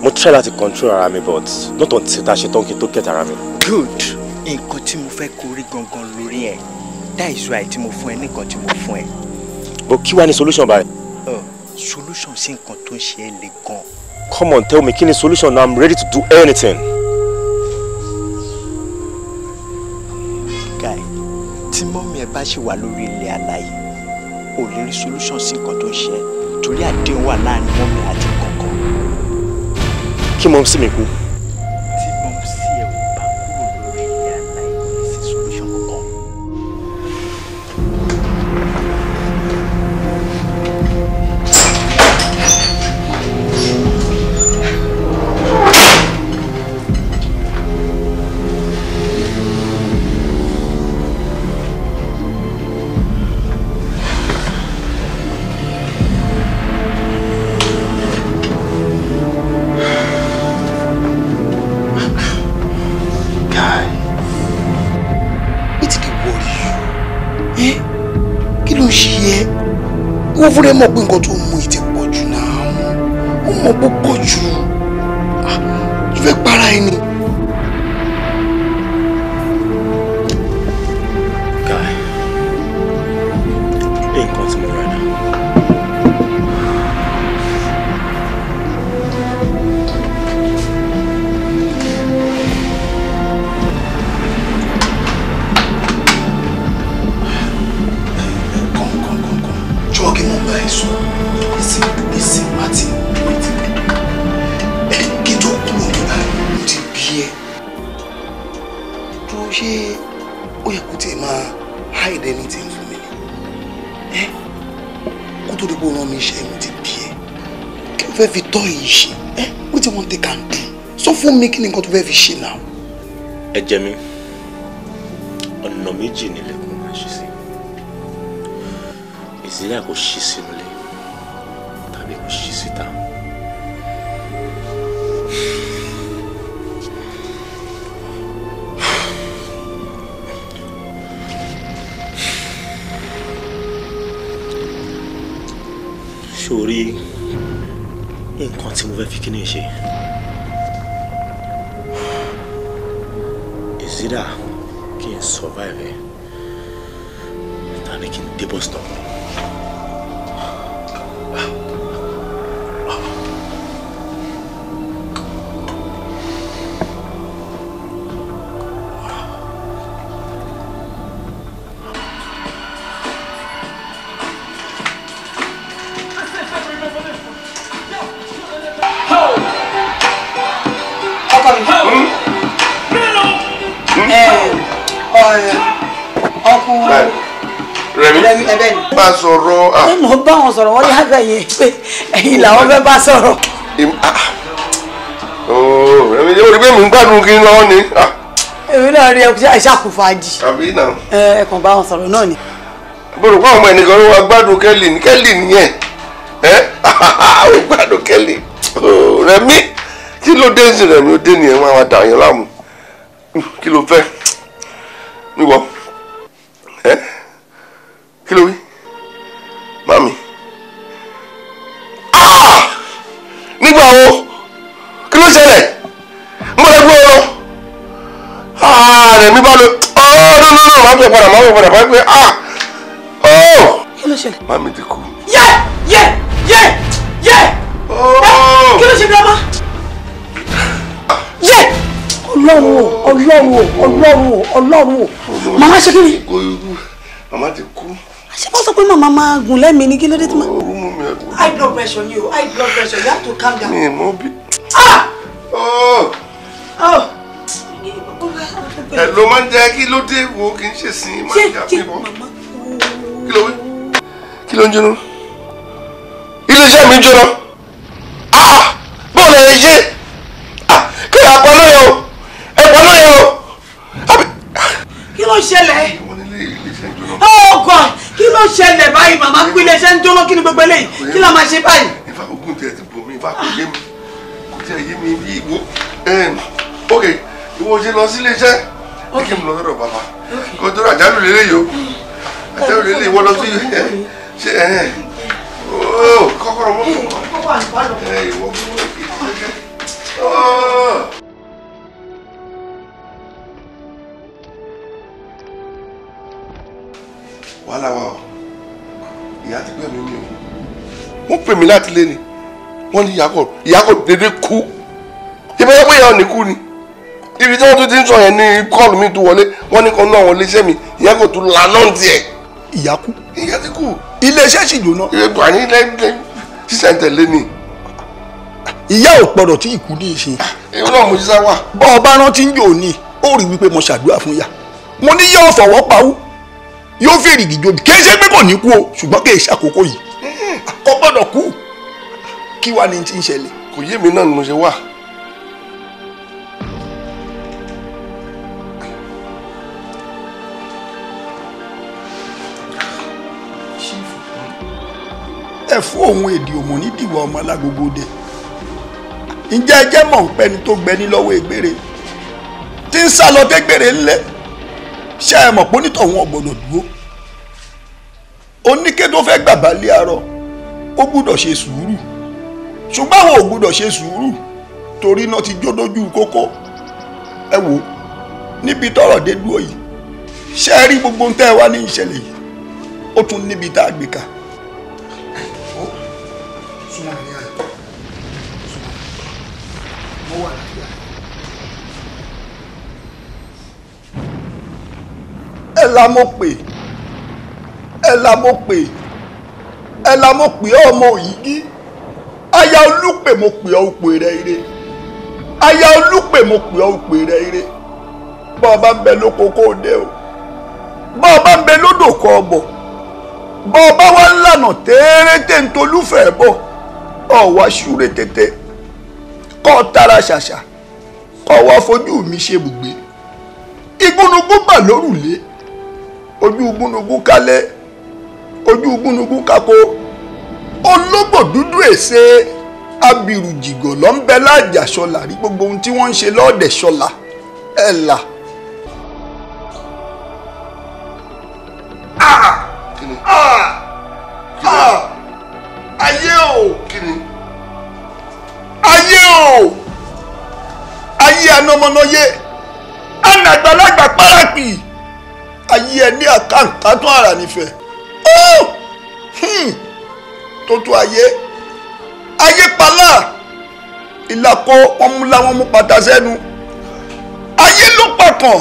mo try láti control ara mi but not until ta ṣe tán kí get ara mi. good nǹkan tí mo fẹ́ kó gangan lórí ẹ̀ that is why tí mo fún ẹ nìkan tí mo fún ẹ. but kí wàá ní solution báyìí. Uh, solution sí nǹkan tó ń le gan. come on tell me kí ni solution now i'm ready to do anything. guy tí mọ́mí ẹ bá ṣì wà lórí ilẹ̀ aláyé ò lè rí solution sí nǹkan tó ń ṣe torí àdéhùn wà láàrin mọ́mí àti kọ̀ọ̀kan. kí mọ́mísí mi kú. não àìsàn èsì èsì pàtì pàtì kí tó kúrò nígbà mo ti bí ẹ tó ṣe ó yẹ kó tiẹ̀ máa hide anything fún me. ni kó tó dìbò rán mi iṣẹ́ mo ti bí ẹ kí n fẹ́ fi tọ́ èyí ṣe wetin wan take am do sọ fún mi kí ni nǹkan tó fẹ́ fi ṣe náà. ẹ jẹ mi ọ̀nà méjì nílẹ̀kùn máa ṣe sí ìsílẹ̀ kò ṣí sínú ṣí síta. sórí nǹkan tí mo fẹ́ fi kíní ṣe ìsídà kí n survive ẹ̀ tàbí kí n sọ̀rọ̀. ẹ ah. mọ̀ bá wọn sọ̀rọ̀ wọ́n ní àgbẹ̀ ah, yẹn pé ẹ̀yin làwọn fẹ́ bá sọ̀rọ̀. èmi ah. oh, rí pé mò ń gbádùn kí n lọ́wọ́ ni. èmi náà rí ẹkùn ṣàkùfàjì ẹ kàn bá wọn sọ̀rọ̀ náà ni. bọ̀dọ̀ fún àwọn ẹnìkan ló wá gbádùn kẹ́lì ní kẹ́lì nìyẹn ẹ ó gbádùn kẹ́lì oh, rẹmi kí ló dé sí rẹmi ó dé nìyẹn máa wá dà láàmú kí ló fẹ́ níwọ̀n. mi padà màmí padà báyìí pé ah oh. kí ló ṣẹlẹ̀. màmí ti kú. yẹ yẹ yẹ yẹ oh! kí ló ṣe bí ọmọ. yẹ ọlọ́run o ọlọ́run o ọlọ́run o ọlọ́run o màmá ṣe kí ni. màmá ti kú. ṣé wọ́n sọ pé màmá máa gùn lẹ́mìí ni kí ló dé tí ma. high blood pressure ni o high blood pressure you have to calm down. mi ò mọ bí. ah. oh. oh ẹ ló máa ń jẹ kí ló dé wo kì í ṣe sin máa ń jà pé bọ́ kí ló wí kí ló ń jóná iléeṣẹ́ mi jóná bọ́ọ̀lù ẹ̀ ṣe ah! kí ẹ̀ pa lóye o ẹ̀ pa lóye o. kí ló ṣẹlẹ̀ oh god kí ló ṣẹlẹ̀ báyìí màmá pé iléeṣẹ́ ń jóná kí ni gbogbo eléyìí kí la máa ṣe báyìí. ìfà ogun tẹ̀ ti bò mí ìfà kò yé mi kò tẹ̀ yé mi bí ìwọ ok ìwọ ṣe lọ sí iléeṣẹ́ ó kì í lọ sọ́dọ̀ bàbá kó tó àjálù lélẹ̀ yìí o àjálù lélẹ̀ ìwọ lọ sí ṣe ẹ̀ ó kọ́kọ́rọ́ wọ́n fún ẹ ìwọ wàhálà wa o ìyá ti gbẹ̀mí mi o wọ́n pè mí láti lé ni wọ́n ní ìyá kò dédé kú ìbáyọ̀ pé ìyá ò ní kú ni ibi tí wọ́n tún ti ń sọ yẹn ní kọ́ọ̀lù mi tó wọlé wọ́n ní kan náà wọlé iṣẹ́ mi ìyá kò tún la náà tiẹ̀. ìyá kú ìyá ti kú. ilé iṣẹ́ sì jóná. ilé ìgbà ní ilé ilé ṣiṣẹ́ tẹ̀lé ni. ìyá ò gbọdọ̀ tí ìkú ní í ṣe. èmi náà mo ṣiṣẹ́ wà. bọ́ ọba rántí ń yòó ni ó rí wípé mo ṣàdúrà fún ìyá mo ní yóò fọwọ́ pawú yóò fèrè gìjò kì í ṣe pé kò ní kú o ṣùgbọ́n kì í ṣàkókò yìí kò gbọdọ̀ kú kí wàá ní ti ń ṣẹlẹ̀. kò yé mi náà ni mo ṣe wà ẹ fún òun èdè òmò ní dìwọ ọmọ lágogo dẹ ǹjẹ́ ẹ jẹ́ mọ̀ ń pẹ́ni tó gbẹni lọ́wọ́ ègbére tí ń sá lọ dégbére ńlẹ̀ ṣé ẹ mọ̀ pé onítọ̀hún ọ̀gbọ̀dọ̀ dúró oníké tó fẹ́ gbàgbá lé arọ ó gbúdọ̀ ṣe sùúrù ṣùgbọ́n àwọn ò gbúdọ̀ ṣe sùúrù torí náà ti jó dójú kókó ẹ wò níbi tọ́rọ̀ dé dúró yìí ṣé ẹ rí gbogbo ohun tẹ́ ẹ wá ní ìṣẹ̀lẹ̀ yìí ó tún níbi tá a gbé kà ẹ la mo pè ẹ la mo pè ẹ la mo pè ọ ọmọ òyìgí aya olùpè mo pè ọ òpè rẹ ire aya olùpè mo pè ọ òpè rẹ ire bá ọba ń bẹ lóko kó o dé o bá ọba ń bẹ lódò kọ ọbọ bá ọba wa ń lànà térété ntolúfẹ bọ ọ wá ṣúre tètè kọ ọ tara ṣàṣà kọ ọ wá fojú mi ṣe bùgbé igúnnugún bà lórùlé ojú gúnugún kálẹ̀ ojú gúnugún kako ológbò dúdú èsè abirùjìgò ló ń bẹ láàjà ṣọlá rí gbogbo ohun tí wọ́n ń ṣe lọ́ọ̀dẹ̀ ṣọlá ẹ̀ là. Ah! Ah! Ah! ayé o ayé o ayé anamọ́nọ́yé anagbalagbà pàràpì ayé ẹ ní àkàǹkà tún ara nífẹ̀ ó oh! hmm. tó tó ayé ayé palá ìlàkọ wọn mú láwọn mú pata sẹ́nu ayé ló pàkàn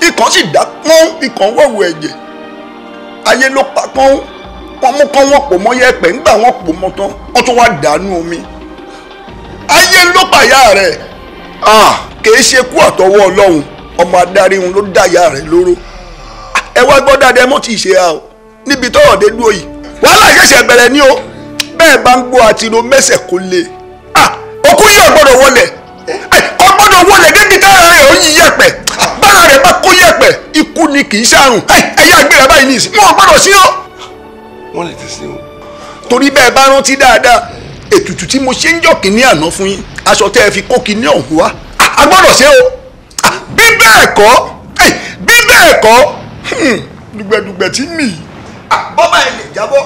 ikàn sì dá pọ́n ikàn wọ̀wọ̀ ẹ̀jẹ̀ ayé ló pa pọ́n wọn mú kán wọn pò mọ́ yẹ̀pẹ̀ ńgbà wọn pò mọ́ tán wọn tún wá dànù omi ayé ló pàyà rẹ̀ ah! kì í ṣe kú àtọwọ́ ọlọ́run ọmọ adarí wọn ló dàyà rẹ̀ lóró ẹ wá gbọ́ dáadáa ẹ mọ̀ tí ì ṣe ha o níbi tọ́rọ̀ dé dúró yìí wàhálà ìṣẹ̀ṣẹ̀ bẹ̀rẹ̀ ni o bẹ́ẹ̀ bá ń gbọ́ àti ro mẹ́sẹ̀ kó lè ah òkú yìí ò gbọ́dọ̀ wọlé kò gbọ́dọ̀ wọlé gẹ́gẹ́ tára rẹ̀ ó yí yẹ̀pẹ̀ bára rẹ̀ bá kó yẹ̀pẹ̀ ikú ni kì í ṣàrùn ẹ̀yà àgbèrè báyìí nìyí wọn ò gbọ́dọ̀ sí o. wọ́n lè ti sin o. torí bẹ́ẹ̀ bá rántí dáadáa ètùtù tí mo ṣe ń jọ kínní àná fún yín aṣọ tẹ́ ẹ fi kó kínní ọ̀hún wá a gbọ́dọ̀ ṣe o bí bẹ́ẹ̀ kọ́ bí bẹ́ẹ̀ kọ́ Hmm, dùgbẹ̀dùgbẹ̀ tí mì. Ah, bọ́bá ẹ̀ lè jábọ́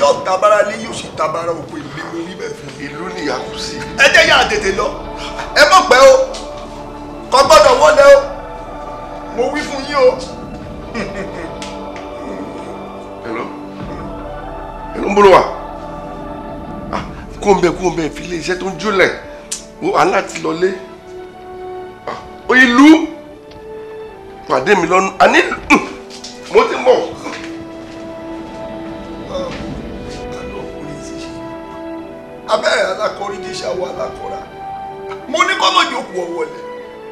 yóò tabara lé yóò sì tabara òpó ìlú níbẹ̀ fún ìlú nìyà kù sí. ẹ jẹ́ yára tètè lọ ẹ mọ̀ pẹ́ o kò gbọ́dọ̀ wọlé o mo wí fún yín o. ẹ̀rọ ń bolo wa ah, kó n bẹ kó n bẹ fi ilé iṣẹ́ tó ń jólẹ̀ wo aláàtí lọlé ìlú pàdé mi lọ́nu àní mo ti ń bọ̀. abẹ́rẹ́ alákọ̀ọ́rí kì í ṣàwọ̀ alákọ̀ọ́ra mo ní kọ́mọ̀ yòókù ọ̀wọ́lẹ̀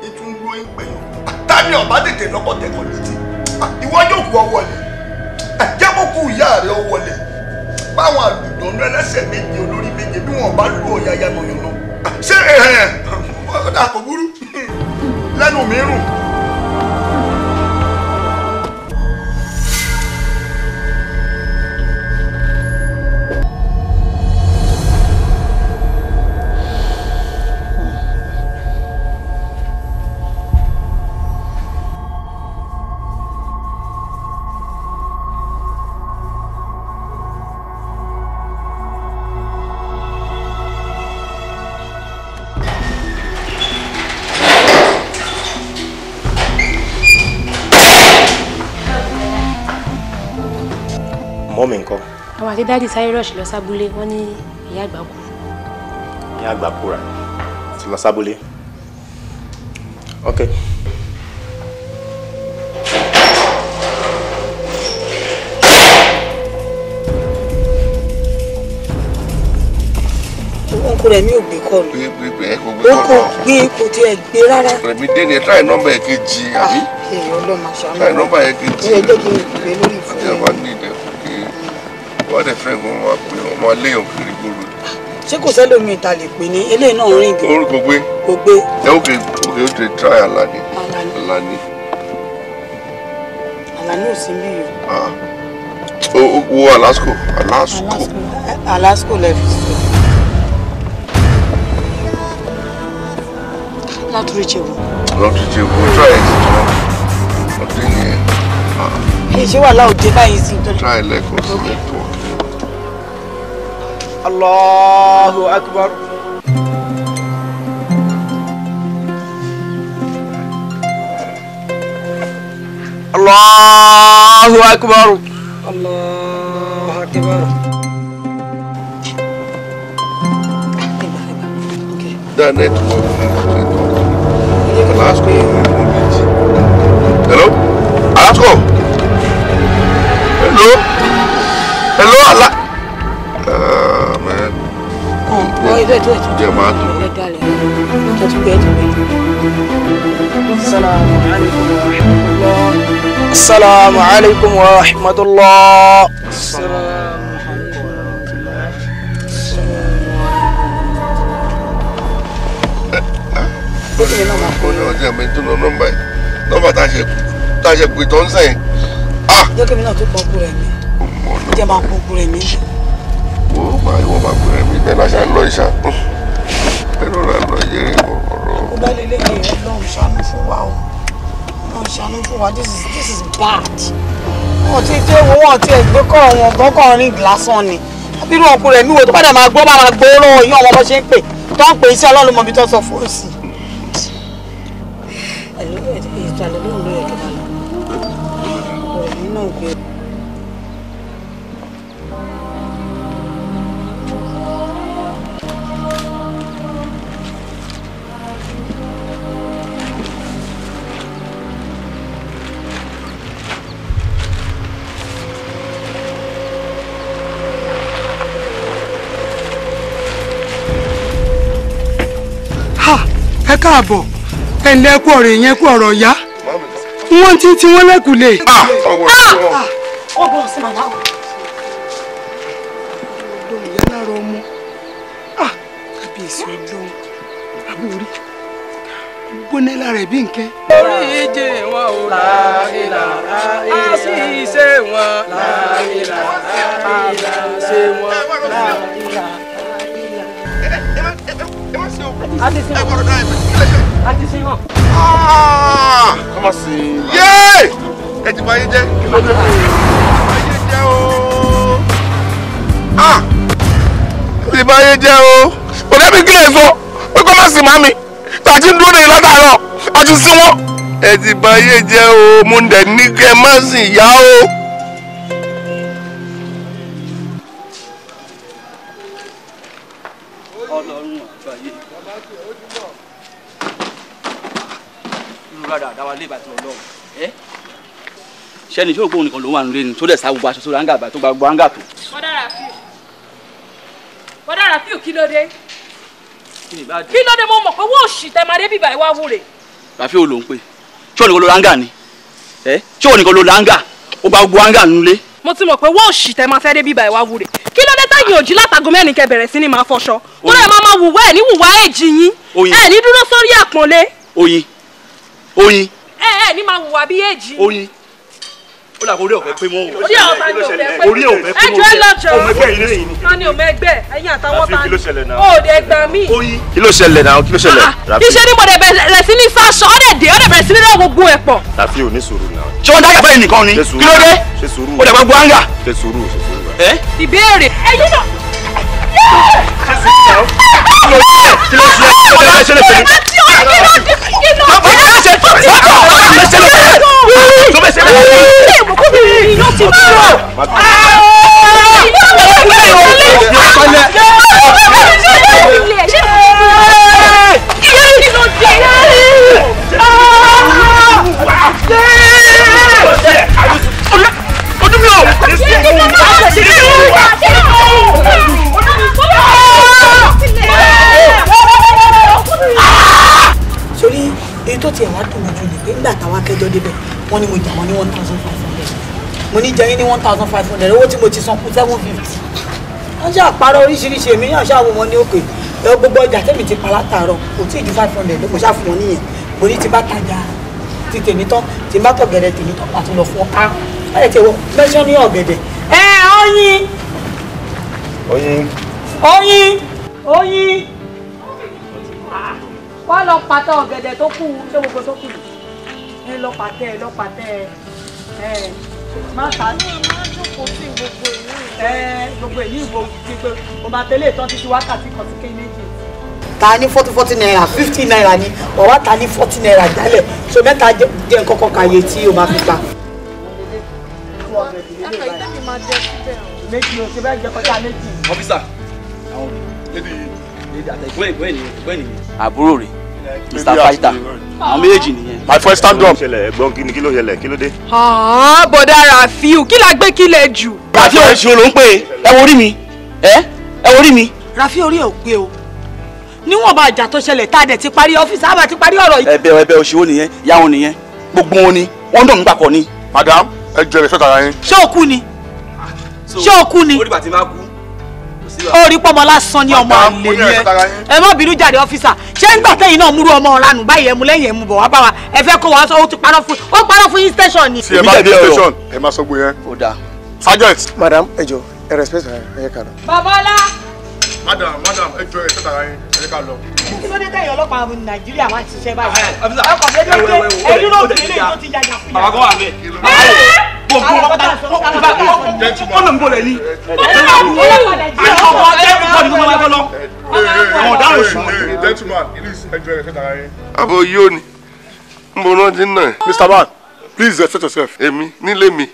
ìtún ló ń pè yàn tani ọba tètè lọ́kọ̀ tẹ̀kọ̀ létí ìwọ yòókù ọ̀wọ́lẹ̀ jẹ́kọ̀kù ìyá rẹ̀ ọ̀wọ́lẹ̀ báwọn àlùdọ̀nù ẹlẹ́sẹ̀ méje olórí méje bí wọn bá lù ọ́ yáyá mọ̀yọ́nà ṣé ẹ̀hẹ̀ ọ̀dà kò burú lẹ́nu mi rùn. àfi dáàdì sáré rọ̀ṣì lọ sábúlé wọ́n ní ìyá àgbà kú. ìyá àgbà kúra ti lọ sábúlé ok. ọkọ rẹ mi ò gbé kọlù ó kò gbé kò tiẹ̀ gbé rárá. rẹmi dédé táì nọ́mbà yẹn kejì àbí táì nọ́mbà yẹn kejì rẹ àti àbá nídẹ̀ẹ́ wọ́n dẹ̀ fẹ́ kó máa pè ọmọ léèyàn kiri gbòòrò. ṣé kò sẹ́lómi ìta lè pè ní eléyìí náà rìn gé. orúkọ gbé. kò gbé. ẹ ó kè ó kè ó tẹ try Alani. Alani. Alani ò sí mí o. ó wo Alasko Alasko. Alasko lẹ́fi sọ. látúrú ìjẹ̀wò. látúrú ìjẹ̀wò try ẹ̀ tuntun ọdún yẹn. èyí ṣé wà láòjẹ báyìí sí. try lẹ́kọ̀ọ́ sí ètò. الله أكبر الله أكبر الله أكبر ده نتورك العسكر هلو العسكر هلو هلو Wait, wait, wait. Jẹ́ máa tó. Ẹ dalẹ̀. Jẹ́ tó gbé, tó gbé. Salaamu alaykum wa rahmatulah. Salaamu alaykum wa rahmatulah. Salaamu alaykum wa rahmatulah. Ó ní nọ́mbà. Ó ní ọjà mi tó lọ nọ́mbà yìí. Nọ́mbà tá a ṣe tá a ṣe pè tó ń sẹ́yìn. Ah! Jẹ́ kí mi náà tó pọ̀ kúrẹ̀ mi. Jẹ́ máa pọ̀ kúrẹ̀ mi wo gba ìwọ máa gbèrè mi bẹ́ẹ̀ náà ṣá ń lọ ìṣá bẹ́ẹ̀ náà ń lọ ìyẹrẹ ìwọ ọ̀rọ̀. ó bá lélẹ̀ wa o lọ́n ṣàánú wa this is this is bad. wọn ti dé owó wọn ti ẹgbẹ́ kọ́ wọn gbọ́kàn ring lásán ni bínú ọkùnrin rẹ̀ níwò tó bá dẹ̀ máa gbọ́ bá máa gbowó lọ́wọ́ yín ọmọ bó ṣe ń pè tó ń pè iṣẹ́ ọlọ́run mọ̀bí tó sọ fún òsì. ìtàlẹ́ ló ń lo ẹ̀kẹ́ náà lọ́wọ́ ẹ̀mí náà gbé. káàbọ̀ ẹ̀ǹlẹ́ kú ọ̀rọ̀ ìyẹn kú ọ̀rọ̀ ìyá wọ́n ti ti wọ́n lẹ́kùlé. ọbọ̀ sí màmá o. ọ̀dọ̀ ìyá lára ọmọ ah! kábíyèsí ọlọ́run àbúrí gbóná lára ẹ̀ bí nǹkan. orí ìje wọn ò láìla á sì ṣe wọn láìla á sì ṣe wọn láìla àti sí wọn. àti sí wọn. kọ́mọ̀ sí i. yéé ẹ̀jẹ̀ bá yé jẹ́ kí ló dé. ayé jẹ́ o. ẹ̀jẹ̀ bá yé jẹ́ o. ọ̀rẹ́ mi kílẹ̀ sọ pé kọ́mọ̀ sí màmí tàti ń dúró ní látàárọ̀ àti sí wọn. ẹ̀jẹ̀ bá lè bàtọ̀ ọlọ́run ẹ́ sẹ́ni tí òògùn nìkan ló wà nílé ni tó dẹ̀ sá gbogbo aṣọ sórí àǹgà àgbà tó gbàgbọ́ àǹgà tó. bọ́dà Rafiu bọ́dà Rafiu kí ló dé kí ló dé mo mọ̀ pé wọ́n ò sì tẹ̀ máa dé bíbá ìwà wúre. Rafiu ló ń pè tí òògùn ló láǹgà ni ẹ tí òògùn ló láǹgà ó gba gbogbo àǹgà nílé. mo ti mọ̀ pé wọ́n ò sì tẹ̀ máa fẹ́ dé bíbá ìwà wúre kí ló dé táyìn òjì látago mẹ́rin kẹ bẹ̀rẹ̀ sí ni máa fọṣọ mo rẹ̀ máa máa wùwá ẹ̀ ní wùwá èjì yín ẹ̀ ní dúró sórí àpọ́nlé. oyin oyin ẹ ẹ ní máa wùwà bí èjì. oyin ó dà kó orí ọ̀fẹ́ pé mọ́ o. orí ọ̀fẹ́ pé mọ́ o. orí ọ̀fẹ́ pé mọ́ o. ẹjọ́ ẹ lọ́jọ́ ọmọ ẹgbẹ́ yìí lẹ́yìn. ká ní ọmọ ẹgbẹ́ ẹ̀yìn àtàwọn bá ní. o dẹ̀ gbà mí. oyin kí ló ṣẹlẹ̀ náà kí ló ṣẹlẹ̀. Ah, ah. iṣẹ́ ni mo dẹ̀ bẹ̀rẹ̀ sí ní fáṣọ ó dẹ̀ dé ó dẹ̀ bẹ̀rẹ̀ sí ní lọ́wọ́ gbogbo ẹ̀ pọ̀. tàfi ò ní sùúrù náà. ṣé wọn dákẹ́ fẹ́yìn nìkan ni kí ló dé. ó dẹ̀ gbogbo áńgà. ṣe sùúrù ṣe sùúrù. ìbéèrè lọ yẹ kí ló ṣe kí ló ṣe lè fẹlẹ. bàbá yẹn ṣe bàbá yẹn ṣe lè fẹlẹ. tó bẹ ṣe lè fẹlẹ. tó tiẹ̀ wá dùn lójú ni pé nígbà táwa kẹjọ débẹ̀ wọ́n ní mo jà wọ́n ní one thousand five hundred mo ní jẹyìn ní one thousand five hundred owó tí mo ti san kù seven fifty wọ́n ṣe àparọ́ oríṣiríṣi èmi náà ṣáà wọ́n wọn ní òkè ẹ gbogbo ọjà tẹ́mi ti pa látàárọ̀ kò tí ì di five hundred mo ṣáà fún wọn níyẹn mo ní ti bá tajà ti tèmi tán ti bá tọ̀gẹ̀dẹ̀ tèmi tán pàtó lọ fún ọká ẹ̀ tẹ̀wọ́ mẹ́sàn-án ní ọ̀gẹ̀dẹ̀ ẹ oyin oyin oyin oyin wá lọ pàtẹ ọ̀gẹ̀dẹ̀ tó kù ṣé gbogbo tó kù ní lọ pàtẹ lọ pàtẹ ẹ má ta ẹ gbogbo èyí ìbò ti pé o máa tẹ́lẹ̀ tán títí wákàtí kan sí kí méjì. ta ní forty forty naira fifty naira ni ọ̀wá ta ní forty naira jálẹ̀ so mẹ́ta jẹ́ nǹkan kan kàyé tí o máa fi pa. méjì o ṣe bẹ́ẹ̀ jẹ́ kọjá méjì. ọ́fíìsà àwọn àbúrò rẹ̀ mr fighter àwọn méjèèjì nìyẹn. my first stand up. ẹ̀gbọ́n kí ni kí ló yẹlẹ̀ kí ló dé. Ah, bọ̀dá rafiu kí la gbé kílẹ̀ jù. rafiu oṣù ló ń pè é ẹ wo orí mi ẹ ẹ wo orí mi. rafiu orí ẹ ò pé o níwọ̀n bá àjà tó ṣẹlẹ̀ tá a dẹ̀ ti parí ọ́fíìsì àbá ti parí ọ̀rọ̀ yìí. ẹ̀bẹ̀ ẹ̀bẹ̀ òṣìwò nìyẹn ya wọn nìyẹn gbogbo wọn ni wọn dùn nígbà kan ni. madam ẹ jẹrẹ fẹta ara yín. ṣé ah, o kú ni ṣé o kú orí pọ́mọ lásán ni ọmọ àlè ni ẹ ẹ má bínú jáde ọ́fíìsà ṣé ń gbà tẹ́yìn náà múrú ọmọ ọ̀ranù báyìí ẹmu lẹ́yìn ẹmu bọ̀ wá bá wa ẹ fẹ́ kó wa sọ ó ti parọ́ fún ó parọ́ fún yín station ni. tí ẹ bá dé station ẹ má sọ gbó yẹn. ó dáa. sergeant. madam ẹ jọ ẹ respect ẹ yẹ ká lọ. babalá. madam madam ẹ ẹ tẹ́tara yín kí ló dé tẹ̀yìn ọlọ́pàá nàìjíríà wá ṣiṣẹ́ báyìí ọkọ̀ dédé pé ẹ̀yìn ló kéré ló ti yàjà fún yàrá. bàbá mi ọ̀nà ń bọ̀ lẹ́ni ọlọ́pàá nàìjíríà ọmọ ọ̀daràn ṣùgbọ́n. abo yóò ni n bọ̀ náà ti ń nà ẹ́. Mr. Man please respect yourself. èmi nílé mi.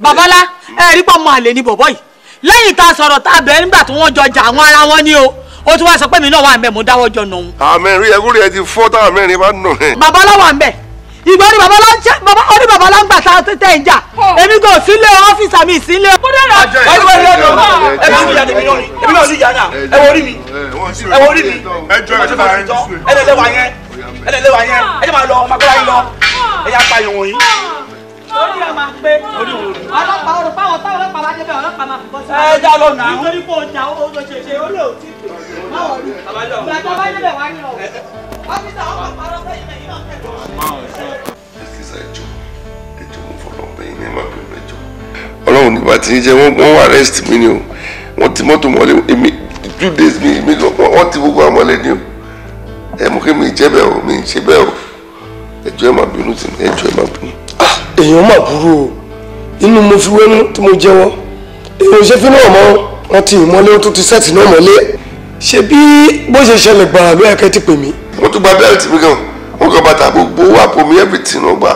babalá ẹ rí pọ́ mọ àlè ni bọ̀bọ́ yìí lẹ́yìn tá a sọ̀rọ̀ tá a bẹ̀rẹ̀ nígbà tí wọ́n jọ jà àwọn ara wọn ni o ó ti wá sọ pé mi náà wà ńbẹ̀ mo dáwọ́ jọ nà òun. àmẹ́rin ẹkú ti fọ́ táwọn mẹ́rin bá nù bàbá ló wà ńbẹ̀ ìgbà orí bàbá láńjà bàbá orí bàbá láńgbà tá a tẹ́ ń jà oh. èmi kò sílé ọ́fíìsà mi sílé. ọjọ́ ìyá mi ló ń bọ̀ ẹ̀mí ìyá mi ló ń bọ̀ ẹ̀mí náà sì yá náà ẹ wọ orí mi ẹ wọ orí mi ẹjọ́ ìjọba ìjọba ìjọ ẹlẹ́lẹ́wà yẹn ẹlẹ́lẹ́wà yẹn ẹjọ́ máa lọ ọmọ akọ́lá yín lọ oh. ẹ̀yà apá ìwọ̀nyí lórí ẹ̀ máa pé ọlọ́pàá ọ̀rọ̀ báwọn táwọn ọlọ́pàá bá débẹ̀ ọlọ́pàá máa fi bọ́ sí. ẹ já lọ nà án. nítorí pé ọjà ó lọ ṣe ṣe orí òtí pè báwọn rí ìgbà tó bá débẹ̀ wá ní ọ. ọ́fíìsà ọlọ́pàá lọ sẹ́yìn lẹ́yìn náà kẹ́kọ̀ọ́. ọlọ́run nígbà tí ń jẹ́ wọ́n wá arrest mi ni o wọ́n ti mọ́tò mọ́lẹ̀ èmi two days mi mi lọ wọ́n ti gbogbo àmọ́lẹ̀ ni o ẹ mú kí mi jẹ́ bẹ́ẹ̀ o mi ń ṣe bẹ́ẹ̀ o ẹjọ́ ẹ má bínú sí mi ẹjọ́ ẹ má bínú èèyàn mà burú o inú mo fi wénú tí mo jẹ́wọ́ èèyàn ṣe fi náà mọ́ wọn ti ìmọ̀lé ó tún ti sẹ́ẹ̀tì náà mọ́lé ṣe bí bó ṣe ṣẹlẹ̀ gbàrà ló yẹ kẹ́ ti pè mí. wọ́n tún gba bẹ́ẹ̀tì mi gan wọ́n kàn bàtà gbogbo owó àpò mi everything ọgbà.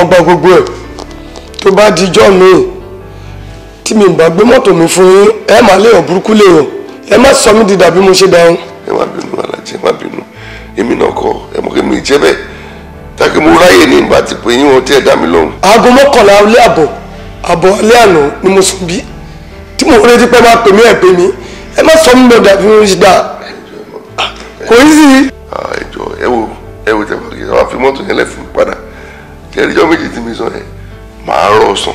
ọgbà gbogbo ẹ tó bá di jọ́ mi tí mi bá gbé mọ́tò mi fún yín ẹ má léèyàn burúkú léèyàn ẹ má sọ mí di dàbí mo ṣe dáhùn. ẹ má bínú alájẹ ẹ má bínú èmi náà kọ ẹ mọ̀ kí mi jẹ́ bẹ́ẹ̀ tàbí mo ráyè ní ìgbà tí pé yín wọn tí dá mi lóhùn. aago mọ́kànlá alẹ́ àbọ̀ àbọ̀ alẹ́ àná ni mo sùn bí tí mo retí pé máa pè mí ẹ̀ pè mí ẹ má sọ mí lọ dàbí mo ṣe dá kò í sí. ẹjọ ẹ wo ẹ wo tẹfọ kí wọn fi mọ́tò yẹn lẹfún mi padà tí ẹjọ méjì tí mi sọ yẹn màá rọ sàn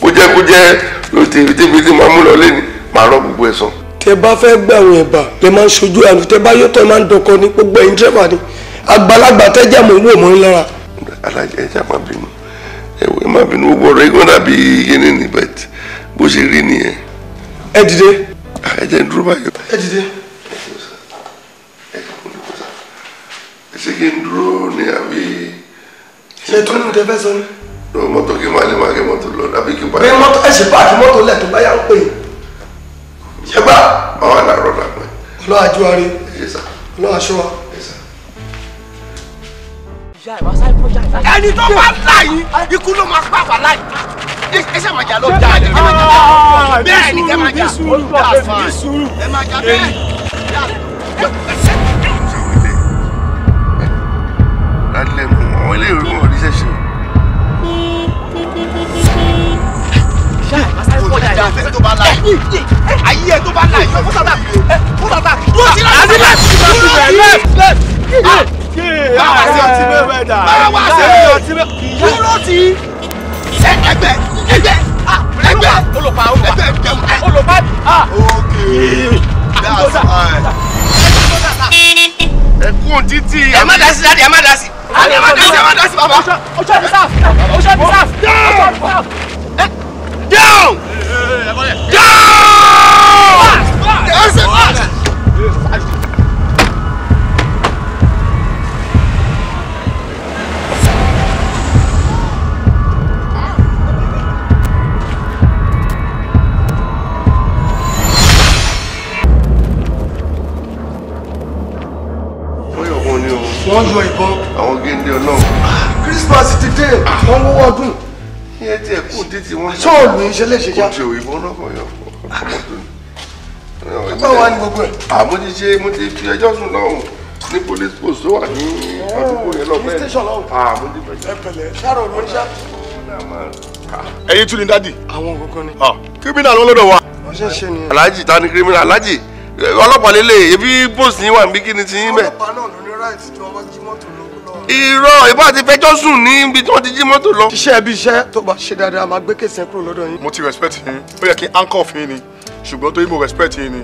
bó jẹ kó jẹ ló ti ibi tí màá mú lọ lé màá rọ gbogbo ẹ sàn. tẹ bá fẹ́ gbàwìn ẹ̀bà lè máa ń ṣojú àná tẹ bá yọtọ̀ máa ń dọkọ ní gbogbo ẹ̀yìn dírẹ́fà ni àgbàlagbà tẹ́jà mò ń wò mọ́ lára. alájà ẹja má bínú ẹwẹ má bínú gbogbo ọ̀rọ̀ igun dàbí yéni ní bẹt bó ṣe rí nìyẹn. ẹ dìde. Ah, ẹ jẹ́ dúró báyìí. ẹ dìde. ẹ ṣe kí n dúró ní àbí. ṣe tó ní tẹfẹ sọ ni. lọ mọ́tò kí n máa lè máa kẹ mọ́tò lọ àbí kí n bá. bí mọ́tò ẹ ṣe páàkì mọ́tò lẹ̀ tó bá yà ń pè é. ṣé bá àwọn àlàrọ̀ ọlọ́ àjọ àrí. ọlọ́ àṣọ wa ẹni tó bá láyé ikú ló máa pa àpá láyé ẹsẹ̀ máa jà lọ jà ẹ máa jà lọ bẹ́ẹ̀ ni ẹ máa jà ẹ máa jà bẹ́ẹ̀ lálẹ́ mu àwọn ilé ìròyìn wọn oníṣẹ́ ṣe. ìjà fẹ́ tó bá la yìí ayé ẹ tó bá la yìí fún tata fún tata. dúró sí la. àti lẹ́ẹ̀tì lẹ́ẹ̀tì lẹ́ẹ̀tì báwa sí ọtí mẹ́wẹ́ dà báwa sí ọtí mẹ́wẹ́ kúrò tí ẹgbẹ́ ẹgbẹ́ ẹgbẹ́ olùpa olùpa olùpa ok that's fine. ẹ kú òtítì. ẹ má dasi dadi ẹ má dasi. ẹ má dasi ẹ má dasi baba. oṣù ti sáf oṣù ti sáf. down down down. wọ́n yọ ìbọn. àwọn géńdé ọlọ́run. Christmas ti dé wọ́n wọ́wọ́ ọdún. iye tí ẹ kú títí wọn. sọ́ọ̀lù iṣẹ́ lè ṣe já. kò tí ò ìbọn náà kọ̀ yọ ọmọ tó ní. bàbá wa ni gbogbo ẹ. àmọ́ ti ṣe mo ti fi ẹjọ́ sùn lọ́hùn ní police post tó wà ní àdúgbò yẹn lọ bẹ́ẹ̀. station lọ́hùn. àmọ́ ti fẹjọ́. ẹ pẹ̀lẹ́ ṣáàrọ ló ń ṣá. ẹ̀yin tún ni dádì. àwọn kankan ni. kírímìnà ló lọ́dọ̀ wa. wọ́n ṣe ń ṣe nìyẹn. aláàjì ta ni kírímìnà aláàjì ọlọ́pàá lélẹ̀ ebi post yín wà níbi kí ni ti yín bẹ́ẹ̀. ọlọ́pàá náà ló right tí wọ́n jí mọ́tò lọ́wọ́ lọ. irọ́ ìbá ti fẹjọ́ sùn ní ibi tí wọ́n ti jí mọ́tò lọ. iṣẹ́ ibi iṣẹ́ tó bá ṣe dáadáa máa gbé kèsì kúrò lọ́dọ̀ yín. mo ti respect yín ó yẹ kí anchor fún ni ṣùgbọ́n torí mo respect yín ni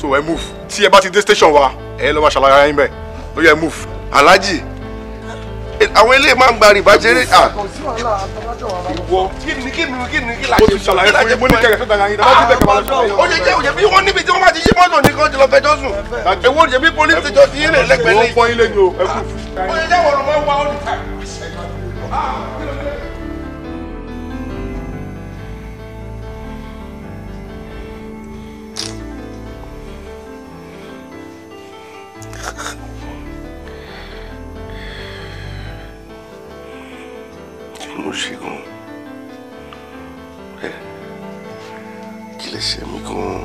so I move tí ẹ bá ti dé station wa ẹ lọ́ máa ṣàlàyé yín bẹ́ẹ̀ ó yẹ move. alhaji àwọn ilé máa ń gba rìbá jẹrẹ à. ìwọ kí ni kí ni kí ni kí la ṣe ṣàlàyé fún yín mo ní kẹkẹ tó dára yín dáná tí bẹ́ẹ̀ kẹkẹ lọ sí. o jẹ jẹ o jẹ bí wọn níbi tí wọn bá ti yí mọ́tò ní kan jùlọ èwo jẹ polisi jọ ti yín lẹ́gbẹ̀ẹ́ lẹ́yìn. o pọ́n ilé ni o ẹ kú. o jẹ jẹ wọ̀rọ̀ consiguen é que les amigos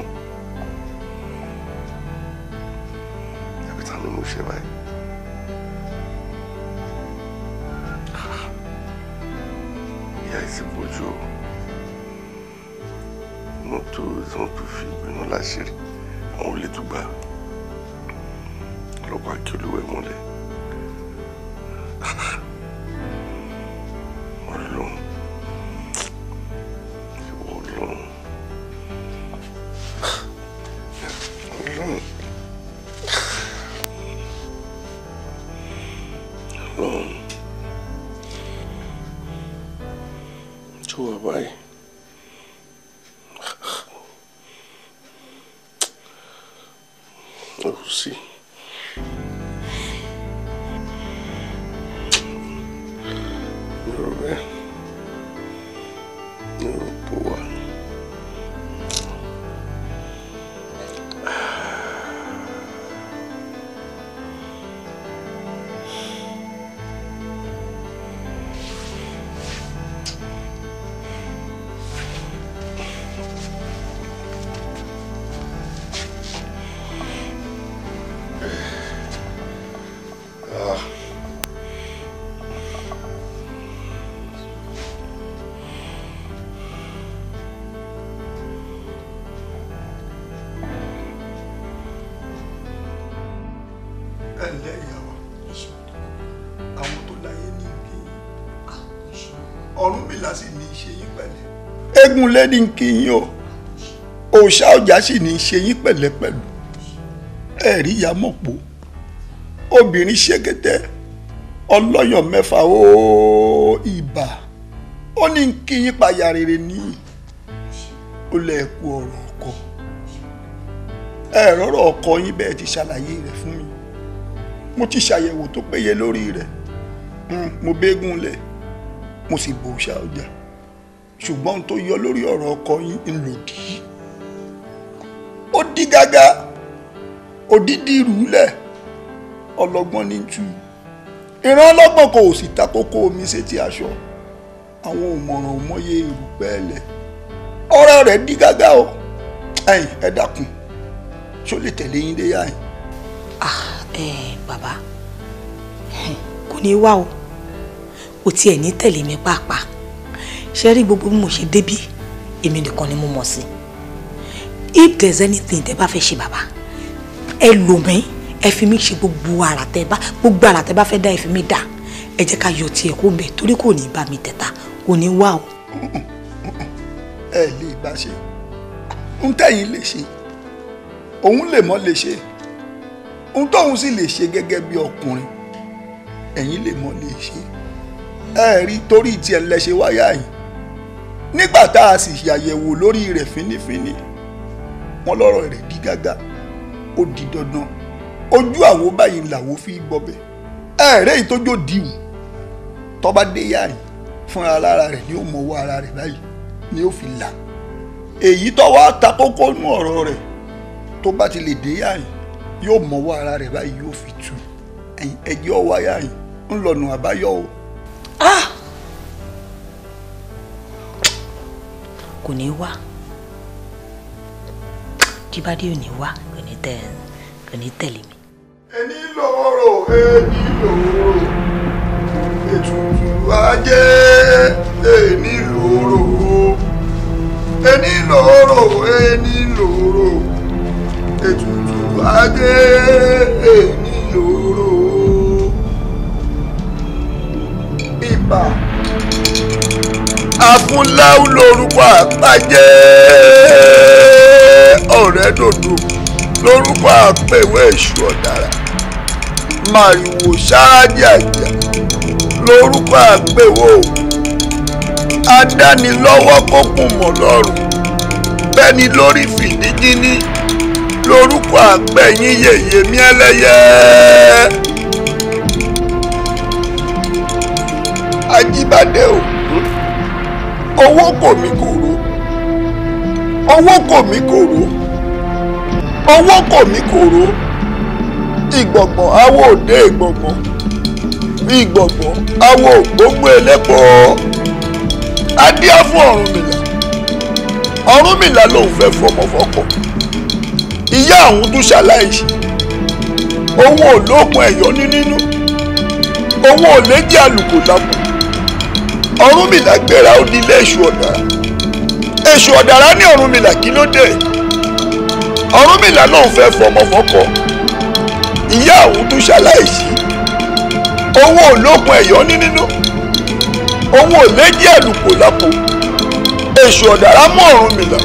ṣẹ́gun lẹ́ni kì í yàn òòṣà ọjà sì ní í ṣe yín pẹ̀lẹ́pẹ̀lú ẹ̀rí ìyá mọ̀ pò obìnrin ṣẹ́gẹ́tẹ́ ọlọ́yàn mẹ́fà ó ibà ó ní kí yín payà rere níyì ó ọ̀rọ̀ ọkọ ẹ rọ́rọ̀ ọkọ yín bẹ́ẹ̀ ti ṣàlàyé rẹ̀ fún mi mo ti ṣàyẹ̀wò tó péye lórí rẹ̀ hmm, mo bẹ́gùn lẹ̀ mo sì bò ṣá ọjà. ṣùgbọ́n tó yọ lórí ọ̀rọ̀ ọkọ yín ń lòdì ó dí gágá òdídì ìrúlẹ̀ ọlọ́gbọ́n ní tú ìran ọlọ́gbọ́n kò sì ta kókó omi sétí aṣọ àwọn òmọ̀ràn ọ̀rọ̀ rẹ̀ dí gágá o ẹ dákun ṣó lè tẹ̀lé yín dé yá ah, ẹ ní wá o kò tiẹ̀ ní tẹ̀lé mi ṣe rí gbogbo bí mo ṣe débí èmi nìkan ni mo mọ̀ sí if there is anything tẹ́ bá fẹ́ ṣe bàbá ẹ lò mí ẹ fi mí ṣe gbogbo àrà tẹ́ bá gbogbo àrà tẹ́ bá fẹ́ dá ẹ fi mí dá ẹ jẹ́ ká yọ tiẹ̀ kó mbẹ torí kò ní bá mi tẹ̀ta kò ní wá o. ẹ lè bá ṣe ń tẹ̀yìn lè ṣe òun lè mọ́ lè ṣe ohun tóun sì lè ṣe gẹ́gẹ́ bí ọkùnrin ẹ̀yin lè mọ́ lè ṣe ẹ rí torí tiẹ̀ lẹ́ṣẹ̀ wáyà yìí nígbà tá a sì ṣàyẹ̀wò lórí rẹ̀ fínífíní wọn lọ́rọ̀ rẹ̀ di gágá ó di dandan ojú àwo báyìí làwo fi gbọbẹ̀ ẹ̀ẹ́rẹ́ yìí tójó dìwù tọ́ba dé yàrá fúnra lára rẹ̀ ni ó mọwọ́ ara rẹ̀ báyìí ni ó fi là èyí tó wá ta kókó nú ọ̀rọ̀ tó bá ti lè dé yàrá yóò mọwọ́ ara rẹ̀ báyìí yóò fi tu ẹ̀jẹ̀ ọwọ́ yàrá ń lọ̀nà àbáyọ o. ah kò ní wá jíbádé ò ní wá kò ní tẹ kò ní tẹ̀lé mi. ẹni lòórò ẹni lòórò ètùtù ajé ẹni lòórò ẹni lòórò ẹni lòórò ètùtù ajé ẹni lòórò ibà. Akúnláwú lórúkọ àpàjẹ́ ọ̀rẹ́ dòdò lórúkọ àpèwé èṣù ọ̀dàrà màrìwò ṣáájì àjà lórúkọ àpèwò adánilọ́wọ́ kókùn mọ̀ lọ́rùn bẹ́ni lórí fìdíjíní lórúkọ àpẹ̀yìn yèyé mi ẹlẹ́yẹ. Ajíbádé o owó kò mí kòrò owó kò mí kòrò owó kò mí kòrò ìgbọ̀ngbọ̀n awo òde ìgbọ̀ngbọ̀n ìgbọ̀ngbọ̀n awo ògbógbó ẹlẹ́pọ̀ adíá fún Ọ̀rúnmìlà Ọ̀rúnmìlà lòun fẹ́ fọmọ fọkọ ìyá àwọn tó ṣaláìsí owó olóògùn ẹ̀yọ́ ní nínú owó olè jẹ́ àlùkò lápò. Ọ̀rúnmìlà gbéra ó nílé èṣù ọ̀dàrà èṣù ọ̀dàrà ní Ọ̀rúnmìlà kí ló dé Ọ̀rúnmìlà náà fẹ́ fọmọ fọkọ ìyá òun tún ṣaláìsí owó olókun ẹ̀yọ́ ní nínú owó òlédìí àlùkò lápò èṣù ọ̀dàrà mú Ọ̀rúnmìlà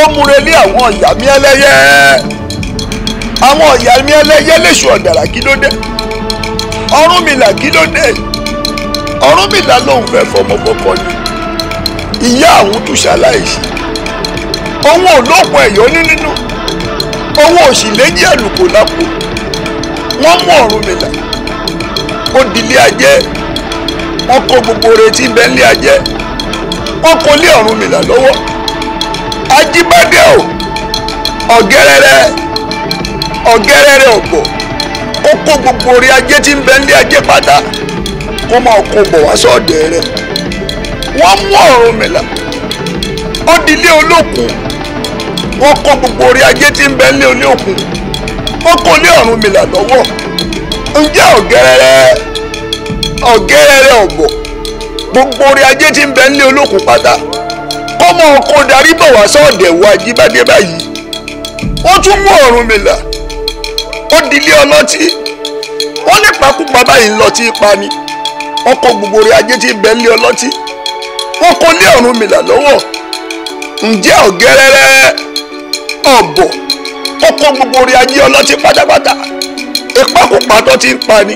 ó múre ní àwọn ọ̀yà mi ẹlẹ́yẹ àwọn ọ̀yà mi ẹlẹ́yẹ léṣù ọ̀dàrà kí ló dé Ọ̀rúnmìlà kí ló dé Ọ̀rúnmìlà lòun fẹ́ fọmọ kọ́kọ́ ni ìyá àwọn tó ṣaláìsí òun ò ẹ̀yọ́ ní nínú òun ò àlùkò lápò wọ́n mú Ọ̀rúnmìlà ó dilé wọ́n gbogbo retí wọ́n o ọ̀gẹ́rẹ́rẹ́ ọ̀gẹ́rẹ́rẹ́ ọ̀gbọ̀ ó gbogbo re tí kó máa kó bọ̀ wá sọ́ọ̀dẹ̀ rẹ̀ wọ́n mú Ọ̀rúnmìlà ó di ilé olókùn wọ́n kó gbogbo orí ajé tí ń bẹ ilé olókùn wọ́n kó lọ́wọ́ gbogbo orí ajé tí ń pata, ilé olókùn pátá kọ́mọ wọ́n pa ni. wọ́n kó gbogbo orí ajé tí bẹ́ẹ̀ lé ọlọ́tí wọ́n kó lé Ọ̀rúnmìlà lọ́wọ́ ǹjẹ́ ọ̀gẹ́rẹ́rẹ́ ọ̀bọ̀ ó kó gbogbo orí ajé ọlọ́tí pátápátá ìpakùpà tó ti ń pa ni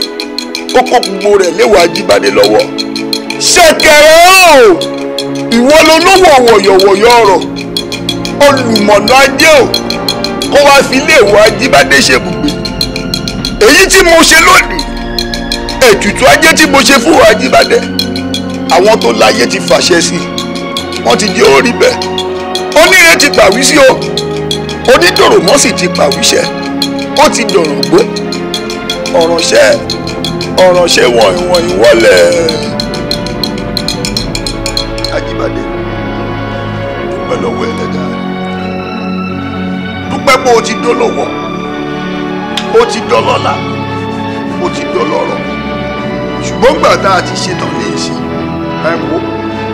ó kó gbogbo rẹ̀ léwà Ajíbádé lọ́wọ́ ṣẹ̀kẹ̀rẹ̀ o ìwọ lolówó wọ̀yọ̀wọ̀yọ̀ ọ̀rọ̀ olùmọ̀nà ajé o kó wá fi léwà Ajíbádé ṣe bùgbé èyí tí mo ṣe lónìí ètùtù ajé tí mo ṣe fún Ajíbádé àwọn tó láyé ti fàṣẹ sí i wọ́n ti jẹ́ ó rí bẹ́ẹ̀ oníre ti pàwí sí o onídòròmọ́ sì ti pàwíṣẹ́ ó ti dọ̀rọ̀ gbó ọ̀rọ̀ṣẹ́ ọ̀rọ̀ṣẹ́ wọ̀n ìwọ̀n ìwọ́lẹ̀ Ajíbádé dúpẹ́ lọ́wọ́ ẹlẹ́dàá dúpẹ́ pé o ti dolówó o ti dọlọ́lá o ti dọlọ́rọ̀ ṣùgbọ́n gbà tá a ti ṣetán ní ìsìn ẹ wo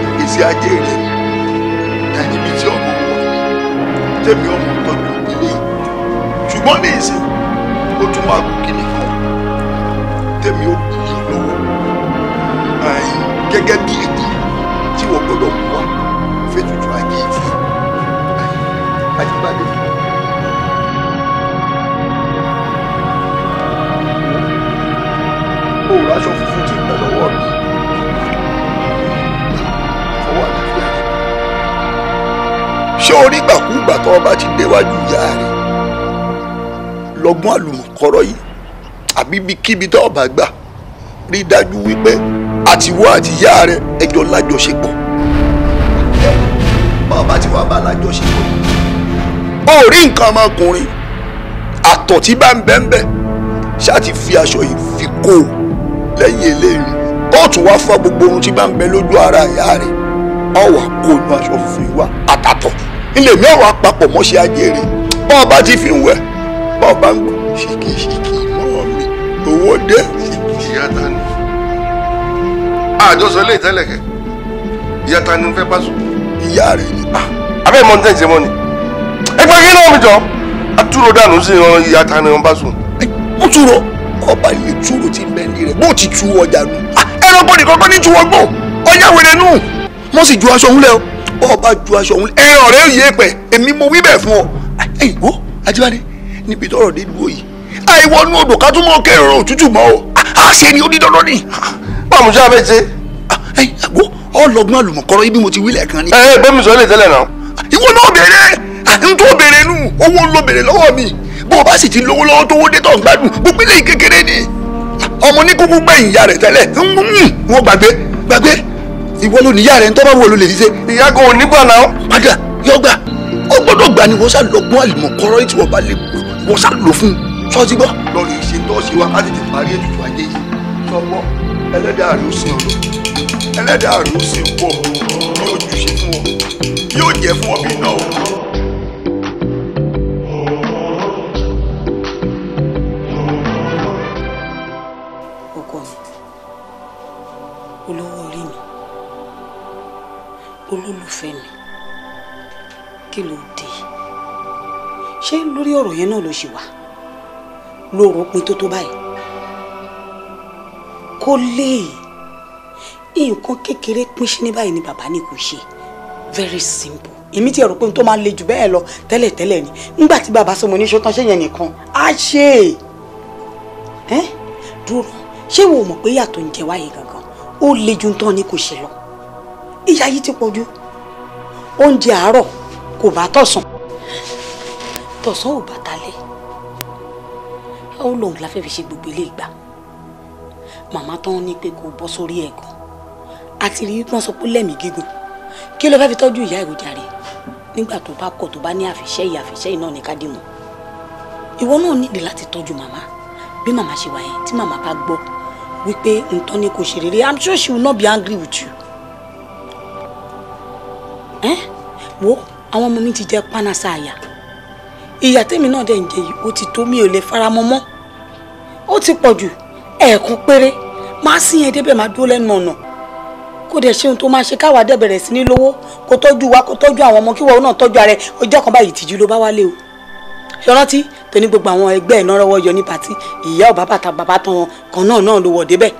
ìgbésí ajé rẹ ẹni bíi ti ọmọ wọn tẹ̀mí ọmọ tọ́jú ilé ṣùgbọ́n ní ìsìn ó tún wá kú kíní tẹ̀mí ó kú yìí lọ́wọ́ gẹ́gẹ́ bí èdè tí wọ́n gbọ́dọ̀ mú wa fẹ́tùtù ajé ìfẹ́ ajíbádé. ó rà aṣọ fún. sórí gbàkúgbà tó bá ti déwájú ìyá rẹ̀ lọ́gbọ́n àlùmọ̀kọ́rọ́ yìí àbí ibikíbi tó bá gbà rí dájú wípé àtiwọ́ àti ìyá rẹ̀ ẹjọ́ lájọṣepọ̀ ẹ bàbá tí wàá bá lájọṣepọ̀ ó rí nǹkan ọmọkùnrin àtọ̀ tí bá ń bẹ́ńbẹ́ ṣáà ti fi aṣọ yìí fi kó o lẹ́yìn eléyìí kóòtù wá fọ́ gbogbo ohun tí bá ń bẹ lójú ara ìyá rẹ̀ ọ̀ kó o nu aṣọ funfun yìí àtàtọ̀ ilé mi ò wá papọ̀ mọ́ ṣe ajéré bá ọba ti fi wẹ̀ bá ọba ń gbọ́ ṣìkìṣìkì mọ́ mi owó dé. ìyá ta ni àjọsọ ilé ìtẹ́lẹ̀kẹ́ ìyá ta ni fẹ́ bá sùn. ìyá rẹ ni. Ah, abẹ́ mọ́ ní tẹ̀ ṣe mọ́ ni ẹgbẹ́ kí náà mi jọ àtúrò dànù sí ìran ìyá ta ni wọ́n bá sùn. ó túrò ọba ilé túrò ti mẹ́ni rẹ̀ bó ti tu ọjà nù. Ah, ẹranko nìkan kọ́ ní tu ọgbọ́n ọjà wẹ̀rẹ̀ nù wọ́n sì ju aṣọ òun bọ́ ọ bá ju aṣọ òun ẹran rẹ yé pẹ̀ èmi mo wí bẹ́ẹ̀ fún ọ. ẹ̀yìn wo ajíwáde níbi tọrọ dé dúró yìí àìwọnú odò ká tún mọ kẹrìnrún òtútù mọ o a ṣe ni ó di dandan ni. báwo ṣe abẹ́ ṣe. ẹ̀yìn àgbo ọlọ́gbọ́n àlùmọ̀kọ́rọ́ ibi mo ti wí lẹ́ẹ̀kan ni. ẹ ẹ bẹ́ẹ̀ mi sọ ẹ́ lè tẹ́lẹ̀ náà. ìwọ náà béèrè n tó béèrè nù owó ń lo béèrè lọ́wọ́ mi bó o bá sì ti lówó lọ́wọ́ tó wó dé tọ̀ ń gbádùn gbogbo ilé kékeré ni ọmọ oníkókó gbẹ̀yìn ìyá rẹ̀ tẹ́lẹ̀ wọ́n gbàgbé gbàgbé ìwọ ló níyà rẹ ń tọ́ bá ló lè ṣiṣẹ́. ìyá kò nígbà náà. padà yọ ó gbọ́dọ̀ gbà ni wọ́n ṣá lọ́gbọ́n àlùmọ̀kọ́rọ́ tí wọ́n bá lè wọ́n ṣá lò fún un sọ́ọ́sì gbọ́. lọ́ọ̀rì ṣe tó ṣe wá láti ti parí ètùtù ajé yìí sọ́gbọ́ ẹlẹ́dàá rẹ̀ ó sin ọ̀dọ́ ẹlẹ́dàá rẹ̀ ó sin pọ̀ yóò jù ṣe fún ọ yóò jẹ́ fún ọ bí náà ṣé lórí ọ̀rọ̀ yẹn náà ló ṣì wà ló rò pin tó tó báyìí kó lè nǹkan kékeré pín sí ní báyìí ni bàbá ní kò ṣe very simple èmi ti rò pé tó máa le jù bẹ́ẹ̀ lọ tẹ́lẹ̀tẹ́lẹ̀ ni nígbà tí bàbá sọmọ ní ṣótán ṣé yẹn nìkan á ṣe é dúró ṣé wo mọ̀ pé yàtọ̀ ń jẹ wáyé gangan ó le ju tán ni kò ṣe lọ ìyá yìí ti pọ̀ jù oúnjẹ àárọ̀ kò bá tọ̀sán tọ̀sán ò bá talẹ̀ ó lóun la fẹ́ fi ṣe gbogbo ilé ìgbà màmá tán ní pé kò bọ́ sórí ẹ̀gàn àti rí wọ́n sọ pé lẹ́mìí gígùn kí ló fẹ́ fi tọ́jú ìyá ìròjà rẹ̀ nígbà tó bá kọ̀ tó bá ní àfiṣẹ́ ìyá àfiṣẹ́ iná ní kádìmù ìwọ náà nídìí láti tọ́jú màmá bí màmá ṣe wà yẹn tí màmá bá gbọ́ wípé nǹkan ni kò ṣe rere i'm sure she will not be angry with you. ẹ wo àwọn ọmọ mi ti jẹ pánásá àyà ìyà tèmi náà dẹ̀ ń jẹ yìí ó ti tó mi ò lè faramọ́ mọ́ ó ti pọ̀ jù ẹ̀ẹ̀kan péré máa sí yẹn débẹ̀ máa dúró lẹ́nu ọ̀nà kó dẹ̀ ṣe ohun tó máa ṣe káwa dẹ̀ bẹ̀rẹ̀ sí ní lówó kó tọ́jú wa kó tọ́jú àwọn ọmọ kí wọn náà tọ́jú ààrẹ ọjọ́ kan báyìí tìjú ló bá wálé o ṣọrántí tó ní gbogbo àwọn ẹgbẹ́ iná rọwọ́ yọ ní pàtí ìyá ò bàbá ta bàbá tán wọn kan náà náà ló wọ̀ débẹ̀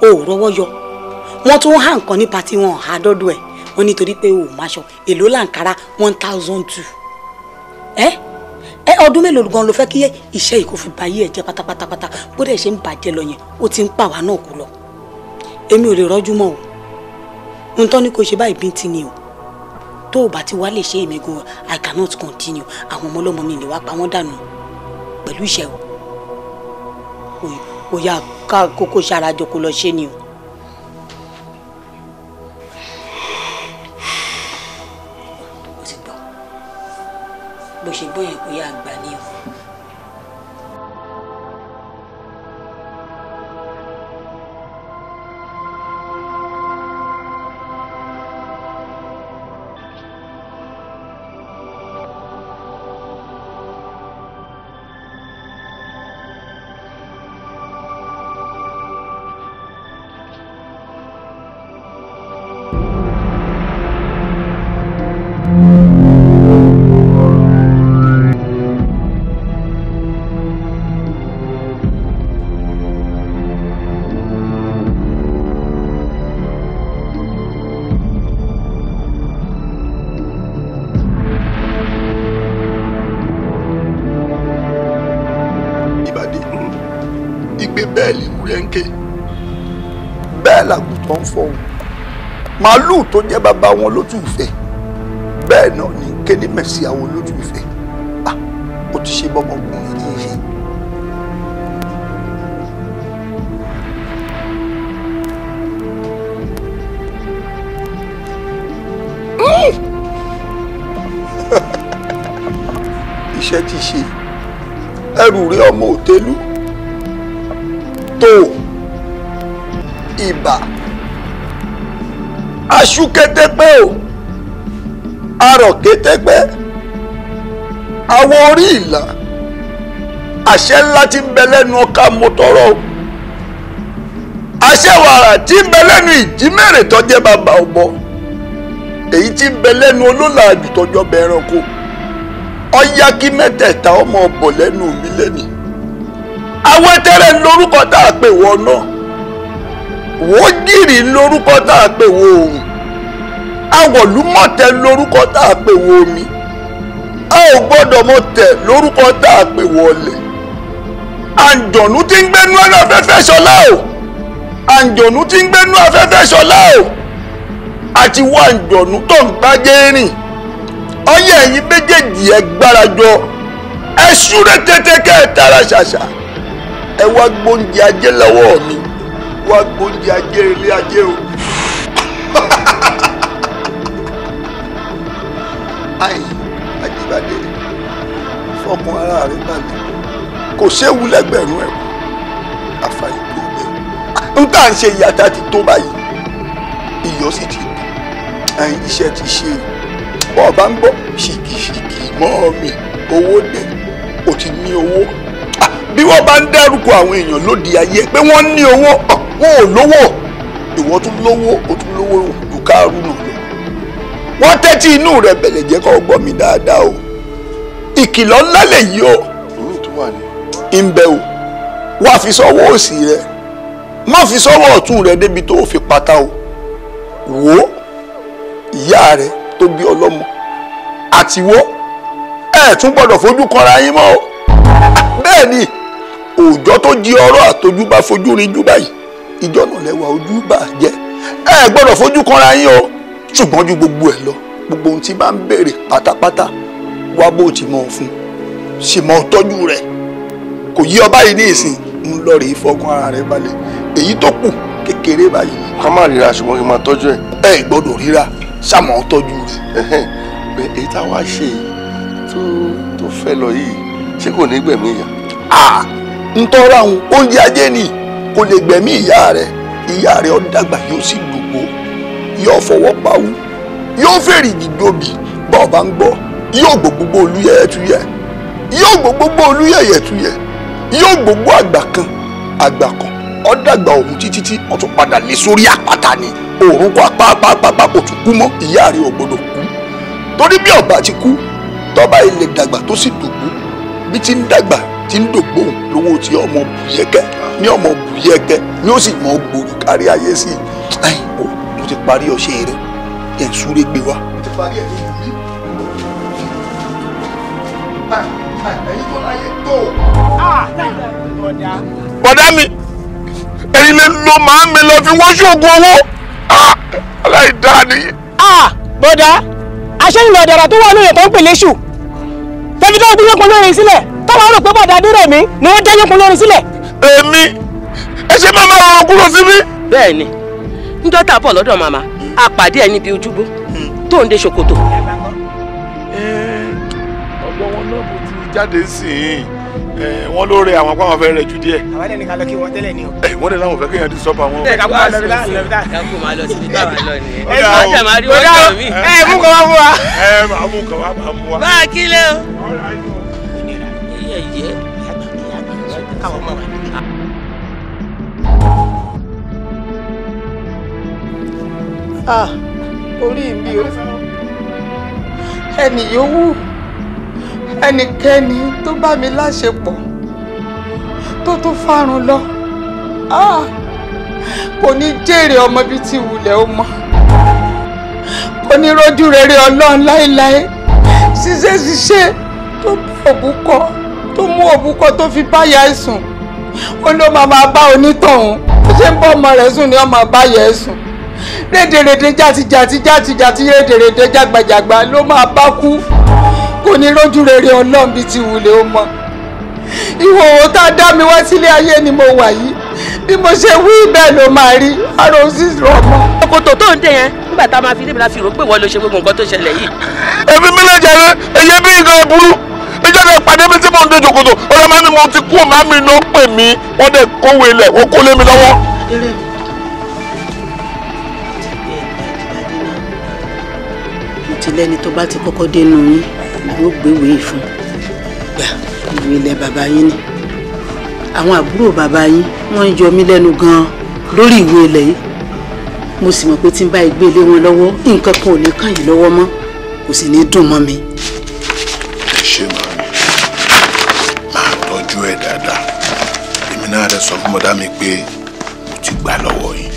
o ò rọwọ́ yọ wọ́n tún há nǹkan ní pàtí wọn há dọ́dọ̀ ẹ̀ wọ́n nítorí pé o ò máṣọ èlò làǹkárá one thousand two ẹ́ eh? ẹ ọdún mélòó gan ló fẹ́ kí iṣẹ́ yìí kò fi bàyí ẹ̀ jẹ́ pátápátápátá bó dẹ̀ ṣe ń bàjẹ́ lọ yẹn ó ti ń pa àwa náà kú lọ èmi ò lè rọ́jú mọ́ o n tọ́ ni kò ṣe báyìí bí ti ni o tó o bá ti wá lè ṣe èmi gan i cannot continue àwọn ọmọ ọlọ́mọ mi lè wá pa wọ́n dànù pẹ̀lú iṣẹ́ o kò yá kókó ṣarajọ kó lọ ṣe ni o. bó ṣe gbọ́ kó yá gbà ní ń fọ òun màálùú tó jẹ́ bàbá wọn lójú ìfẹ́ bẹ́ẹ̀ náà ni kéde mẹ̀sí àwọn lójú ìfẹ́ ah mo ti ṣe bọ́mọkùnrin yìí ṣe. iṣẹ́ ti ṣe ẹrù rẹ ọmọ òtẹ́lú tó ibà. aṣú ketekpe o arọ ketekpe awọ orí ìlà àṣẹ ńlá ti ń bẹ lẹ́nu ọkà mọ́tọ́rọ́ o àṣẹ wàrà ti ń bẹ lẹ́nu ìjímèrè tọ́jẹ́ bàbá ọ̀bọ èyí tí ń bẹ lẹ́nu olólà àjùtọ́jọ́ bẹ ẹranko ọ̀yá kí mẹ́tẹ̀ẹ̀ta ọmọ ọ̀bọ̀ lẹ́nu mi lẹ́nu àwọn ẹtẹ́rẹ́ ń lórúkọ tá a pè wọ́n náà. wòógìrì lórúkọ tá a pè wo òun awọ̀lúmọ̀tẹ́ lórúkọ tá a pè wo omi a ò gbọ́dọ̀ mọ tẹ̀ lórúkọ tá a pè wo ọlẹ̀ àǹjọ̀nú ti ń gbẹ́nu afẹ́fẹ́ ṣọlá o àǹjọ̀nú ti ń gbẹ́nu afẹ́fẹ́ ṣọlá o àti wọ àǹjọ̀nú tó ń gbájé rìn ọyẹ ẹ̀yin méjèèjì ẹ gbárajọ ẹ súré tètè kẹ́ ẹ tara ṣàṣà ẹ wá gbóúnjẹ ajé lọ́wọ́ mi wá gbóúnjẹ ajé ilé ajé o. ayin Ajíbádé fọkàn ara rẹ balẹ̀ kò séwu lẹ́gbẹ̀rún ẹ̀ àfàyè tó bẹ̀. n tá à ń ṣe ìyàtà ti tó báyìí iyọ̀ sì ti dùn ẹ̀yìn iṣẹ́ ti ṣe bọ́ọ̀ bá ń gbọ́ ṣìkìṣìkì mọ́ mi owó dé o ti ní owó ah, bí wọ́n bá ń dárúkọ àwọn èèyàn lóde ayé pé wọ́n ní owó wọn ò lówó ìwọ tún lówó o tún lówó ìdúkà rúnà lọ wọn tẹ́tí inú rẹ bẹ̀rẹ̀ jẹ́ kó gbọ́ mi dáadáa o ìkìlọ̀ ńlá lèyí o ìbẹ̀ o wá fi sọ́wọ́ òsì rẹ má fi sọ́wọ́ ọ̀tún rẹ débi tó fi pata o wò ó ìyá rẹ tó bí ọlọ́mọ àti wò ẹ tún gbọ́dọ̀ fojú kanra yín mọ́ o bẹ́ẹ̀ ni òòjọ́ tó jí ọ̀rọ̀ àtọjú bá fojú rinjú báyìí ìjọ́nà lẹ́wà ojú bàjẹ́ ẹ gbọ́dọ̀ fojú kanra yín o ṣùgbọ́n ju gbogbo ẹ̀ lọ gbogbo ohun tí bá ń béèrè pátápátá wá bó ti mọ̀ fún sì mọ̀ tọ́jú rẹ̀ kò yí ọba yìí ní ìsìn ń lọ rèé fọkàn ara rẹ̀ balẹ̀ èyí tó kù kékeré báyìí. ká má ríra ṣùgbọ́n kí n máa tọ́jú ẹ̀. ẹ gbọ́dọ̀ ríra ṣàmọ́ tọ́jú rẹ̀. èyí tá a wá ṣe tó fẹ́ lọ yìí ṣé kò ní gbẹ̀mí ìyá. à ń tọ́ra òun oúnjẹ ajé nìyí kò lè gbẹ̀mí ìyá rẹ̀ ìyá rẹ̀ ó dàgbà yóò sì dògbò yóò fọwọ́ pawú yóò fèrè ìdìdòbì bá ọba ń gbọ́ yóò gbò gbogbo olúyẹ ẹtúyẹ yóò gbò gbogbo olúyẹ ẹtúyẹ yóò gbogbo àgbà kan àgbà kan ó dàgbà òun títí tí wọ́n tún padà lé sórí àpáta ni òòrùn kó apá apá apá apá kò tún kú mọ́ ìyá rẹ̀ ò kú torí bí ọba ti kú tọ́ba ilẹ̀ dàgbà tó sì dògbò bí ti ń dàgbà ti ń dògbò lówó tí ọmọ bùyẹ́kẹ́ ní ọmọ bùyẹ́kẹ́ ni ó sì mọ gbòòrò kárí ayé sí i ẹ̀yìn o tó ti parí ọṣẹ rẹ ẹ̀ súré gbé wa. Ah, bọ̀dá mi ẹ̀yin lè lo màá mi lọ fi wọ́n ṣoògùn owó ah, aláìdáa nìyí. Ah, bọ̀dá aṣẹ́yìn lọ́dọ̀ọ̀rọ̀ tó wà lóye tó ń pè léṣù tẹ́fí tó gbé yọkọ̀ lóye sílẹ̀ tọ́lá rò pé bọ̀dà dúró mi ni wọ́n jẹ́ yínkun lórí sílẹ̀. èmi ẹ ṣe máa máa rọrùn kúrò sí mi. bẹ́ẹ̀ni njọ́ tá a bọ̀ lọ́dọ̀ màmá a pàdé ẹ níbi ojúbó tó ń de ṣòkòtò. ọ̀dọ̀ wọn náà kò ti jáde sí i wọn ló rẹ àwọn pàmò fẹ́ rẹ jù díẹ̀. àwọn ẹni ká lọ kí wọn tẹ́lẹ̀ ni o. wọn lè láwọn fẹ́ kéèyàn ti sọ́pà wọn. ẹ kakú máa lọ sí i kakú máa lọ sí i táwa lọ ni. ẹ máa jẹ máa rí wọn jọ mi. ẹ mú kàn wá fún wa. ẹ máa mú kàn wá máa mú wa. bá a kí lé o ìyẹ́ káwọn ọmọ wa níbi. orí mi ò ẹnì yòówù ẹnikẹ́ni tó bá mi láṣepọ̀ tó tún fárun lọ kò ní jèrè ọmọ bíi ti wulẹ̀ ó tó mú òbúkọ tó fi báyà ẹ̀ sùn ó ló máa máa bá onítọ̀hún tó ṣe ń bọ́ ọmọ rẹ̀ sùn ni ó máa báyà ẹ̀ sùn rédèrèdè jàtijàti jàtijàti rédèrèdè jàgbàjàgbà ló máa bá kú kò ní rójú rere ọlọ́run bíi ti wùlé ó mọ ìhòòhò tá a dá mi wá sílé ayé ni mo wà yìí bí mo ṣe wí bẹ́ẹ̀ ló máa rí ara òun sì rọ ọmọ. kòtò tó ń dé yẹn nígbà tá a máa fi débi la fi rò pé wọ́n ló ṣe gbogbo nǹkan tó ṣẹlẹ̀ yìí. èmi mílẹ̀ jẹ̀rẹ̀ èyí bí nǹkan burú pàdé mi tí mò ń dé jòkòtò ó lè má ní mo ti kú màmí ló pè mí wọ́n dẹ̀ kówé lẹ̀ wọ́n kó lé mi lọ́wọ́. mo ti lẹ́ni tó bá ti kọ́kọ́ dénú yín yóò gbéwé fún gbà ìwé ilẹ̀ bàbá yín ni àwọn àbúrò bàbá yín wọ́n ń yọ mí lẹ́nu gan-an lórí ìwé ilẹ̀ yìí mo sì mọ̀ pé tí n bá gbé wọn lọ́wọ́ nǹkan kan ò ní kàn yín lọ́wọ́ mọ́ kò sì ní dùn mọ́ mi. ẹ̀ dáadáa èmi náà rẹ̀ sọ fún mọ́dá mi pé mo ti gbà lọ́wọ́ yín.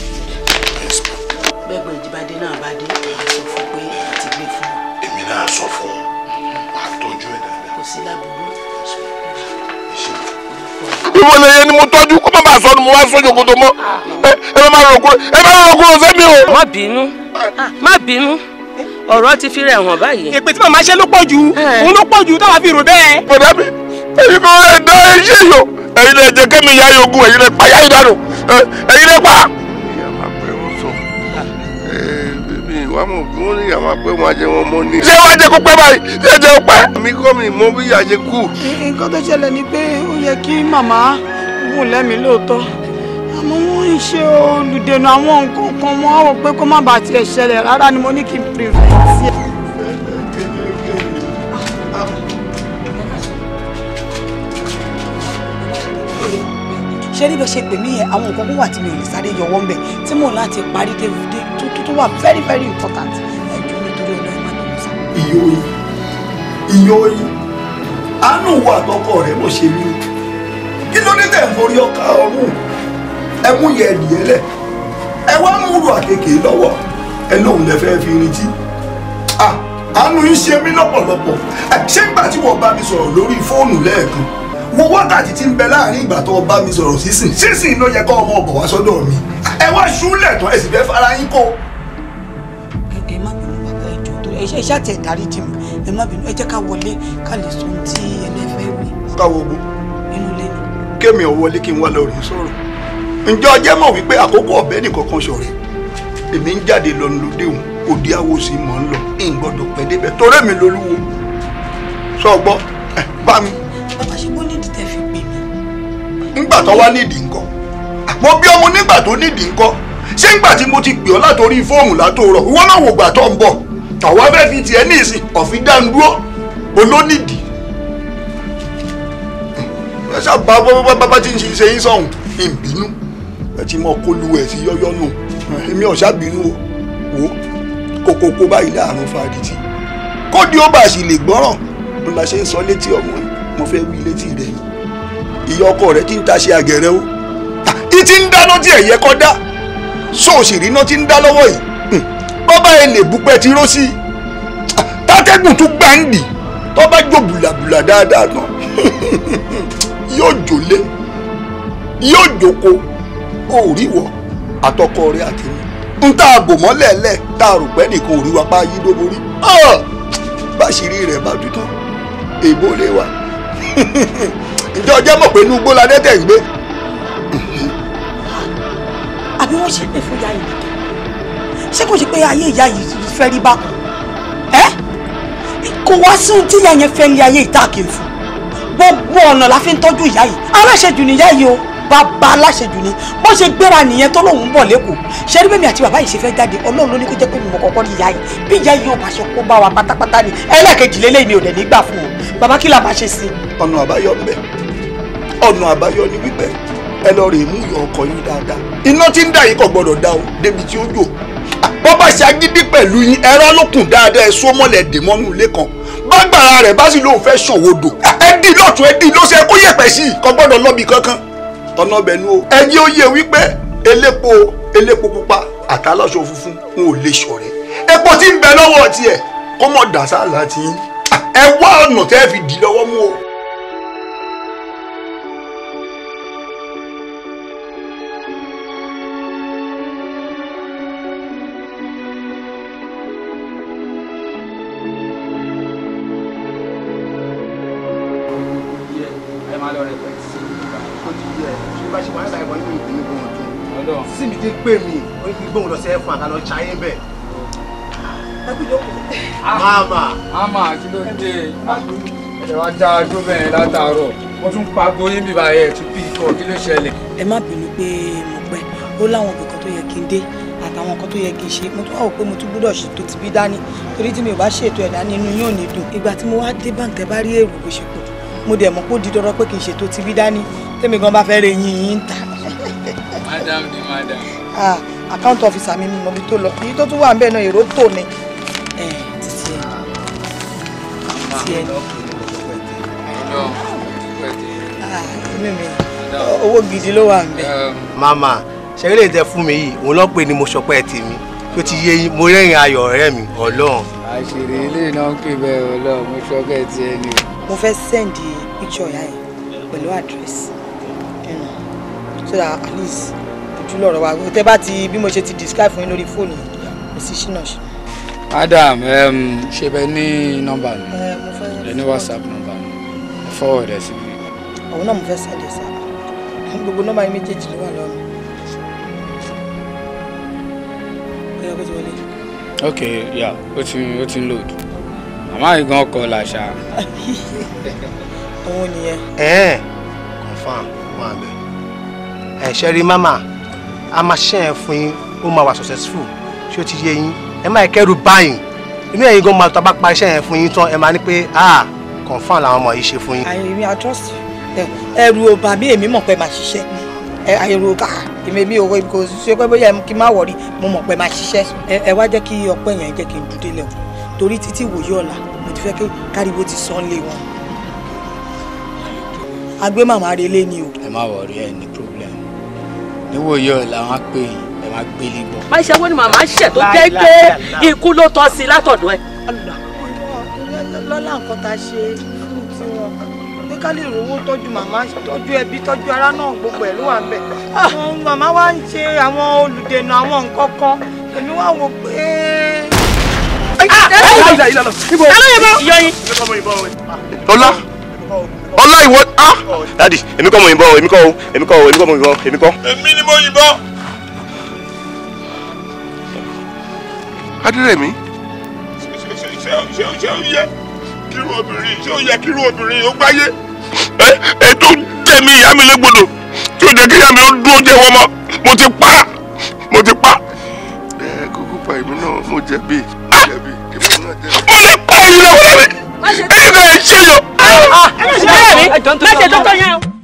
bẹ́ẹ̀ ìjìbádé náà bá dé èmi sọ fún pé a ti gbé fún un. èmi náà sọ fún un máa tọ́jú ẹ̀ dáadáa. kò sí lábúrú. ìwọ lè yẹ ni mo tọ́jú kó má bàa sọ ni mo wá sójú kodo mọ́ ẹ má rọ̀ kúrò ẹ má rọ̀ kúrò sẹ́mi o. má bínú má bínú ọ̀rọ̀ ti fi rẹ̀ hàn báyìí. èpè tí màmá ṣe ló pọ̀ jù òun ló pọ̀ jù táwa fi rò bẹ́ẹ̀. bọ̀dá mi ẹ̀yin kò ẹ̀ dá ẹ̀ṣẹ̀ yọ ẹ̀yin lẹ jẹ́ kẹ́mi ya yogun ẹ̀yin lẹ pa yáyí dànù ẹ̀yin lẹ pa. wọ́n ní ìyá máa pé wọ́n á wọn mọ́ ní. ṣé wọ́n jẹ́ kó pẹ́ báyìí ṣé jẹ́ kó mi kọ́ mi mọ bí ìyá ṣe kú. nǹkan tó ṣẹlẹ̀ ni pé ó yẹ kí màmá wù lẹ́mìí lóòótọ́ àmọ́ wọ́n ń ṣe olùdènà àwọn nǹkan kan mọ́ àwọn pé kó má bàa tiẹ̀ ṣẹlẹ̀ rárá ni mo ní kí n pèrè sí ẹ. ṣe rí bẹ́ẹ̀ ṣe pè mí yẹn àwọn nǹkan kan wà tí mi ò lè sáré yọwọ́ ńbẹ̀ tí mò ń láti parí dédé tó tó wà very very important ẹ̀jú nítorí ọ̀dọ́ ẹ̀ má bẹ̀rù sá. ìyóyin ìyóyin àánú wo àtọkọ rẹ bó ṣe rí o kí ló dé tẹ̀ ń forí ọkà ọrùn ẹ mú yẹ ẹdìyẹ lẹ ẹ wá mú rú àkekè lọ́wọ́ ẹ lóun lẹ fẹ́ fi irin jí àánú yín ṣe mí lọ́pọ̀lọpọ̀ ṣé ń gbà tí wọ́n bá mi sọ̀rọ̀ lórí fóònù lẹ́ẹ̀kan wo wákàtí tí ń bẹ láàrin ìgbà tó bá mi sọ̀rọ̀ sísìn sísìn ló yẹ kọ́ ọmọ ọ̀bọ̀ wá sọ́dọ̀ mi ẹ wá ṣúlẹ̀ tán ẹ sì fẹ́ fara yín kó. ẹ má bínú bàbá ìjọ tó ẹ ṣáà tẹ ìdarí jì mí ẹ má bínú ẹ jẹ́ ká wọlé ká lè sọ ohun tí ẹlẹ́fẹ́ wí. ká wo bó. inú ilé ni. kémi ò wọlé kí n wá lórí sọ̀rọ̀ ǹjẹ́ ọjẹ́ mọ̀ wípé àkókò ọ̀bẹ nìkankan ṣọ̀rẹ́ èmi ń jáde lọ lóde òun òde àwòsí mọ̀ ń lọ ń gbọ́dọ̀ bàbá ṣe bó nídìí tẹ́ fi pè mí. ńgbà tó wá nídìí ńkọ́ mo bí ọmọ nígbà tó nídìí ńkọ́ ṣé ńgbà tí mo ti pè ọ́ látòrí fóònù látòrọ̀ ìwọ náà wò gbà tó ń bọ̀ àwa fẹ́ fi tiẹ̀ ní ìsìn ọ̀fin dáńdúró olónídìí. ẹ ṣàbá bábá tí ń ṣe ṣe yín sọ̀hún ìbínú ẹ ti mọ kóluwẹ̀ sí yọ́yọ́ nù èmi ọ̀ṣàbínú wo kókó kó báyìí láàrin fàdìtì kó di ó bá sì lè gbọ́ràn ló la ṣe ń sọ létí ọmọ yìí mo fẹ́ wí létí rẹ ìyá ọkọ rẹ ti ń ta ṣe àgẹ̀rẹ̀ o ìtì ń dáná tí ẹ̀yẹ kọ́ dá ṣóòṣì rí iná ti ń dá lọ́wọ́ yìí bọ́bá hmm, ẹ lè búpẹ́ ti rọ́ sí i tátẹ́gùn tún gbàǹdì tó bá jó bùlàbùlà dáadáa tán yóò jòlé yóò jókòó ó rí wọ àtọkọ rẹ àti mi n tá a bò mọ́lẹ̀ẹ́lẹ̀ tá a rò pẹ́ nìkan ò rí wa pa yí lóborí ah! rẹ̀ bá dúdú èbó lé wa ǹjẹ́ ọjọ́ mọ̀ pé inú igbó dẹ́tẹ̀ ń gbé. àbí wọ́n ṣe pé fún ìyá yìí ṣé kò ṣe pé ayé ìyá yìí fẹ́ rí bákan ẹ́ kò wá sí ohun tí ìyá yẹn fẹ́ rí ayé ìta kìí fún gbogbo ọ̀nà la ń tọ́jú ìyá yìí aláṣẹ jù ní ìyá yìí o bàbá aláṣejù ni bó ṣe gbéra nìyẹn tó lóun bọ̀ lẹ́kọ̀ọ́ ṣe rí bẹ́mi àti bàbá yìí ṣe fẹ́ jáde ọlọ́run ló ní kó jẹ́ pé mo kọ́kọ́ ní ìyá yìí bí ìyá yìí ò bá ṣe kó bá wa pátápátá ni ẹlẹ́ẹ̀kejì lélẹ́yìn mi ò dẹ̀ nígbà fún o bàbá kí la máa ṣe sí. ọ̀nà àbáyọ ń bẹ ọ̀nà àbáyọ ni wípé ẹ lọ rè mú ìyọ ọkọ yín dáadáa iná tí ń dà yín kò gbọdọ̀ dá o débi tí ó jò bọ́ bá ṣe agídí pẹ̀lú yín ẹ̀rọ ló kùn dáadáa ẹ só mọ́lẹ̀ dè mọ́nú ilé kan bá gbàrà rẹ̀ bá sì lóun fẹ́ ṣòwò dò ẹ dì lọ́tún ẹ dì lọ́sẹ̀ kó yẹ̀pẹ̀ sí i kò gbọdọ̀ lọ́bi kankan ọ̀nà bẹ̀nu o ẹ jẹ́ ó yẹ wípé elépo elépo pupa àtàlọ́ṣọ funfun n ò lè ṣọ̀rẹ́ epo tí ń bẹ lọ́wọ́ tiẹ̀ kọ́mọ̀ dàsá láti yín ẹ wá ọ̀nà tẹ́ fi dì lọ́wọ́ mú o. sí mi ti pè mí ó ní gbóhùn lọ sí ẹ̀fọn àkàlọ́ ṣayé bẹ́ẹ̀. Mama. Mama kí ló dé? Ẹ wá dá adó bẹ́ẹ̀ látàárọ̀. Wọ́n tún pa gbóyè mi báyẹ̀ tún bí ikọ̀ kí ló ṣẹlẹ̀. Ẹ má bínú pé mo pẹ́, ó láwọn ibìkan tó yẹ kí n dé àtàwọn nǹkan tó yẹ kí n ṣe mo tún wà wò pé mo tún gbúdọ̀ ṣètò ti bí dání torí tí mi ò bá ṣètò ẹ̀ dání inú yóò ní dùn ìgbà tí mo wá dé báǹkì ẹ bá rí èrò bó ṣe pọ̀ mo dẹ̀ mọ̀ pé ó di dandan pé kí n ṣètò ti bí dání tẹ́mi gan bá fẹ́ re yín yín ta dáadáa. account officer mi mi mọ̀ bí tó lọ èyí tó tún wà ń bẹ̀ náà èrò tò ni. títí ẹ títí ẹ inú mi owó gidi ló wà ń bẹ̀. màmá ṣẹ́rí lè tẹ fún mi yìí òun lọ́ọ́ pè ní mo ṣọpẹ́ tèmi tó ti yé yín mo rẹ́rìn ayọ̀ ọ̀rẹ́ mi ọlọ́run. àṣírí ilé náà ń pè bẹ́ẹ̀ ọlọ́run mo ṣọpẹ́ tiẹ̀ ni. mo fẹ́ sẹ́ndì píkṣọ̀ ìyá yẹn pẹ̀lú àdírẹ́sì so that at least jù lọ́rọ̀ wa tẹ́ bá ti bí mo ṣe ti describe fún yín lórí fóònù Mr. Shina. Adam ṣe bẹ ní nọ́mbà mi ẹ ní WhatsApp nọ́mbà mi ẹ fọwọ́ rẹ sí mi. òun náà mo fẹ́ sáré sá gbogbo nọ́mbà yín méjèèjì ló wà lọ́rùn. ok ya yeah. ti ó ti ń load màmá yìí gan ọkọ làṣà. òun nìyẹn. ẹ ẹ confam máa bẹ ẹ ṣe rí mama a máa ṣe ẹ̀ fún yín ó máa wà successful ṣé ó ti yé yín ẹ máa kẹ́rù báyìí inú ẹ̀yin gan máa tọ́ bá parí iṣẹ́ yẹn fún yín tán ẹ máa ní pé ah confam làwọn ọmọ yìí ṣe fún yín. àyè mi i trust you ẹrù ò bà mí èmi mọ̀ pé máa ṣiṣẹ́ àyèrò ká èmi mi ò kò ṣe pé bóyá kí n má wọ̀rí mo mọ̀ pé máa ṣiṣẹ́ ẹ wá jẹ́ kí ọpẹ́ yẹn jẹ́ kí n dúdé lẹ̀ o torí títí wòye ọ̀la mo ti fẹ́ kí káríwó ti sàn lé wọn. agbé màmá relé ni o. ẹ má wọrí ẹ ní pro níwòye ọ̀la wọn á ẹ máa gbélé bọ̀. má ṣe wọ́n ni màmá ṣẹ̀ tó jẹ́ pé ikú ló tọ́ sí látọ̀dọ̀ ẹ. lọ́la nǹkan tá ṣe fún tiwọn pé ká lè rówó tọ́jú màmá tọ́jú ẹbí tọ́jú ara náà gbogbo ẹ̀ ló wà bẹ̀. màmá wa ń ṣe àwọn olùdènà àwọn nǹkan kan èmi wá wò pé. ẹ ẹ ìlànà ìbò ìyọyin. lọ́la ọlá ìwọ á dadi èmi kọ́ mo yìnbọn o èmi kọ́ o èmi kọ́ o èmi kọ́ mo yìnbọn èmi kọ́. èmi ni mo yìnbọn. adúrẹ́mi. ṣé ṣé ó yẹ kíru obìnrin ṣé ó yẹ kíru obìnrin ó gbáyé. ẹ ẹ tó jẹ mi ìyá mi légbodò tí ó jẹ kí ìyá mi ó dúró jẹ wọn mọ mo ti pa mo ti pa. ẹ kúkú pa èmi náà mo jẹ̀bi mo jẹ̀bi èmi náà jẹ̀bi. mo lè pa òun lọ́wọ́ mi ẹ bẹ̀rẹ̀ ṣọyọ. Ah, ẹ má ṣe tó tọ́ yẹn o.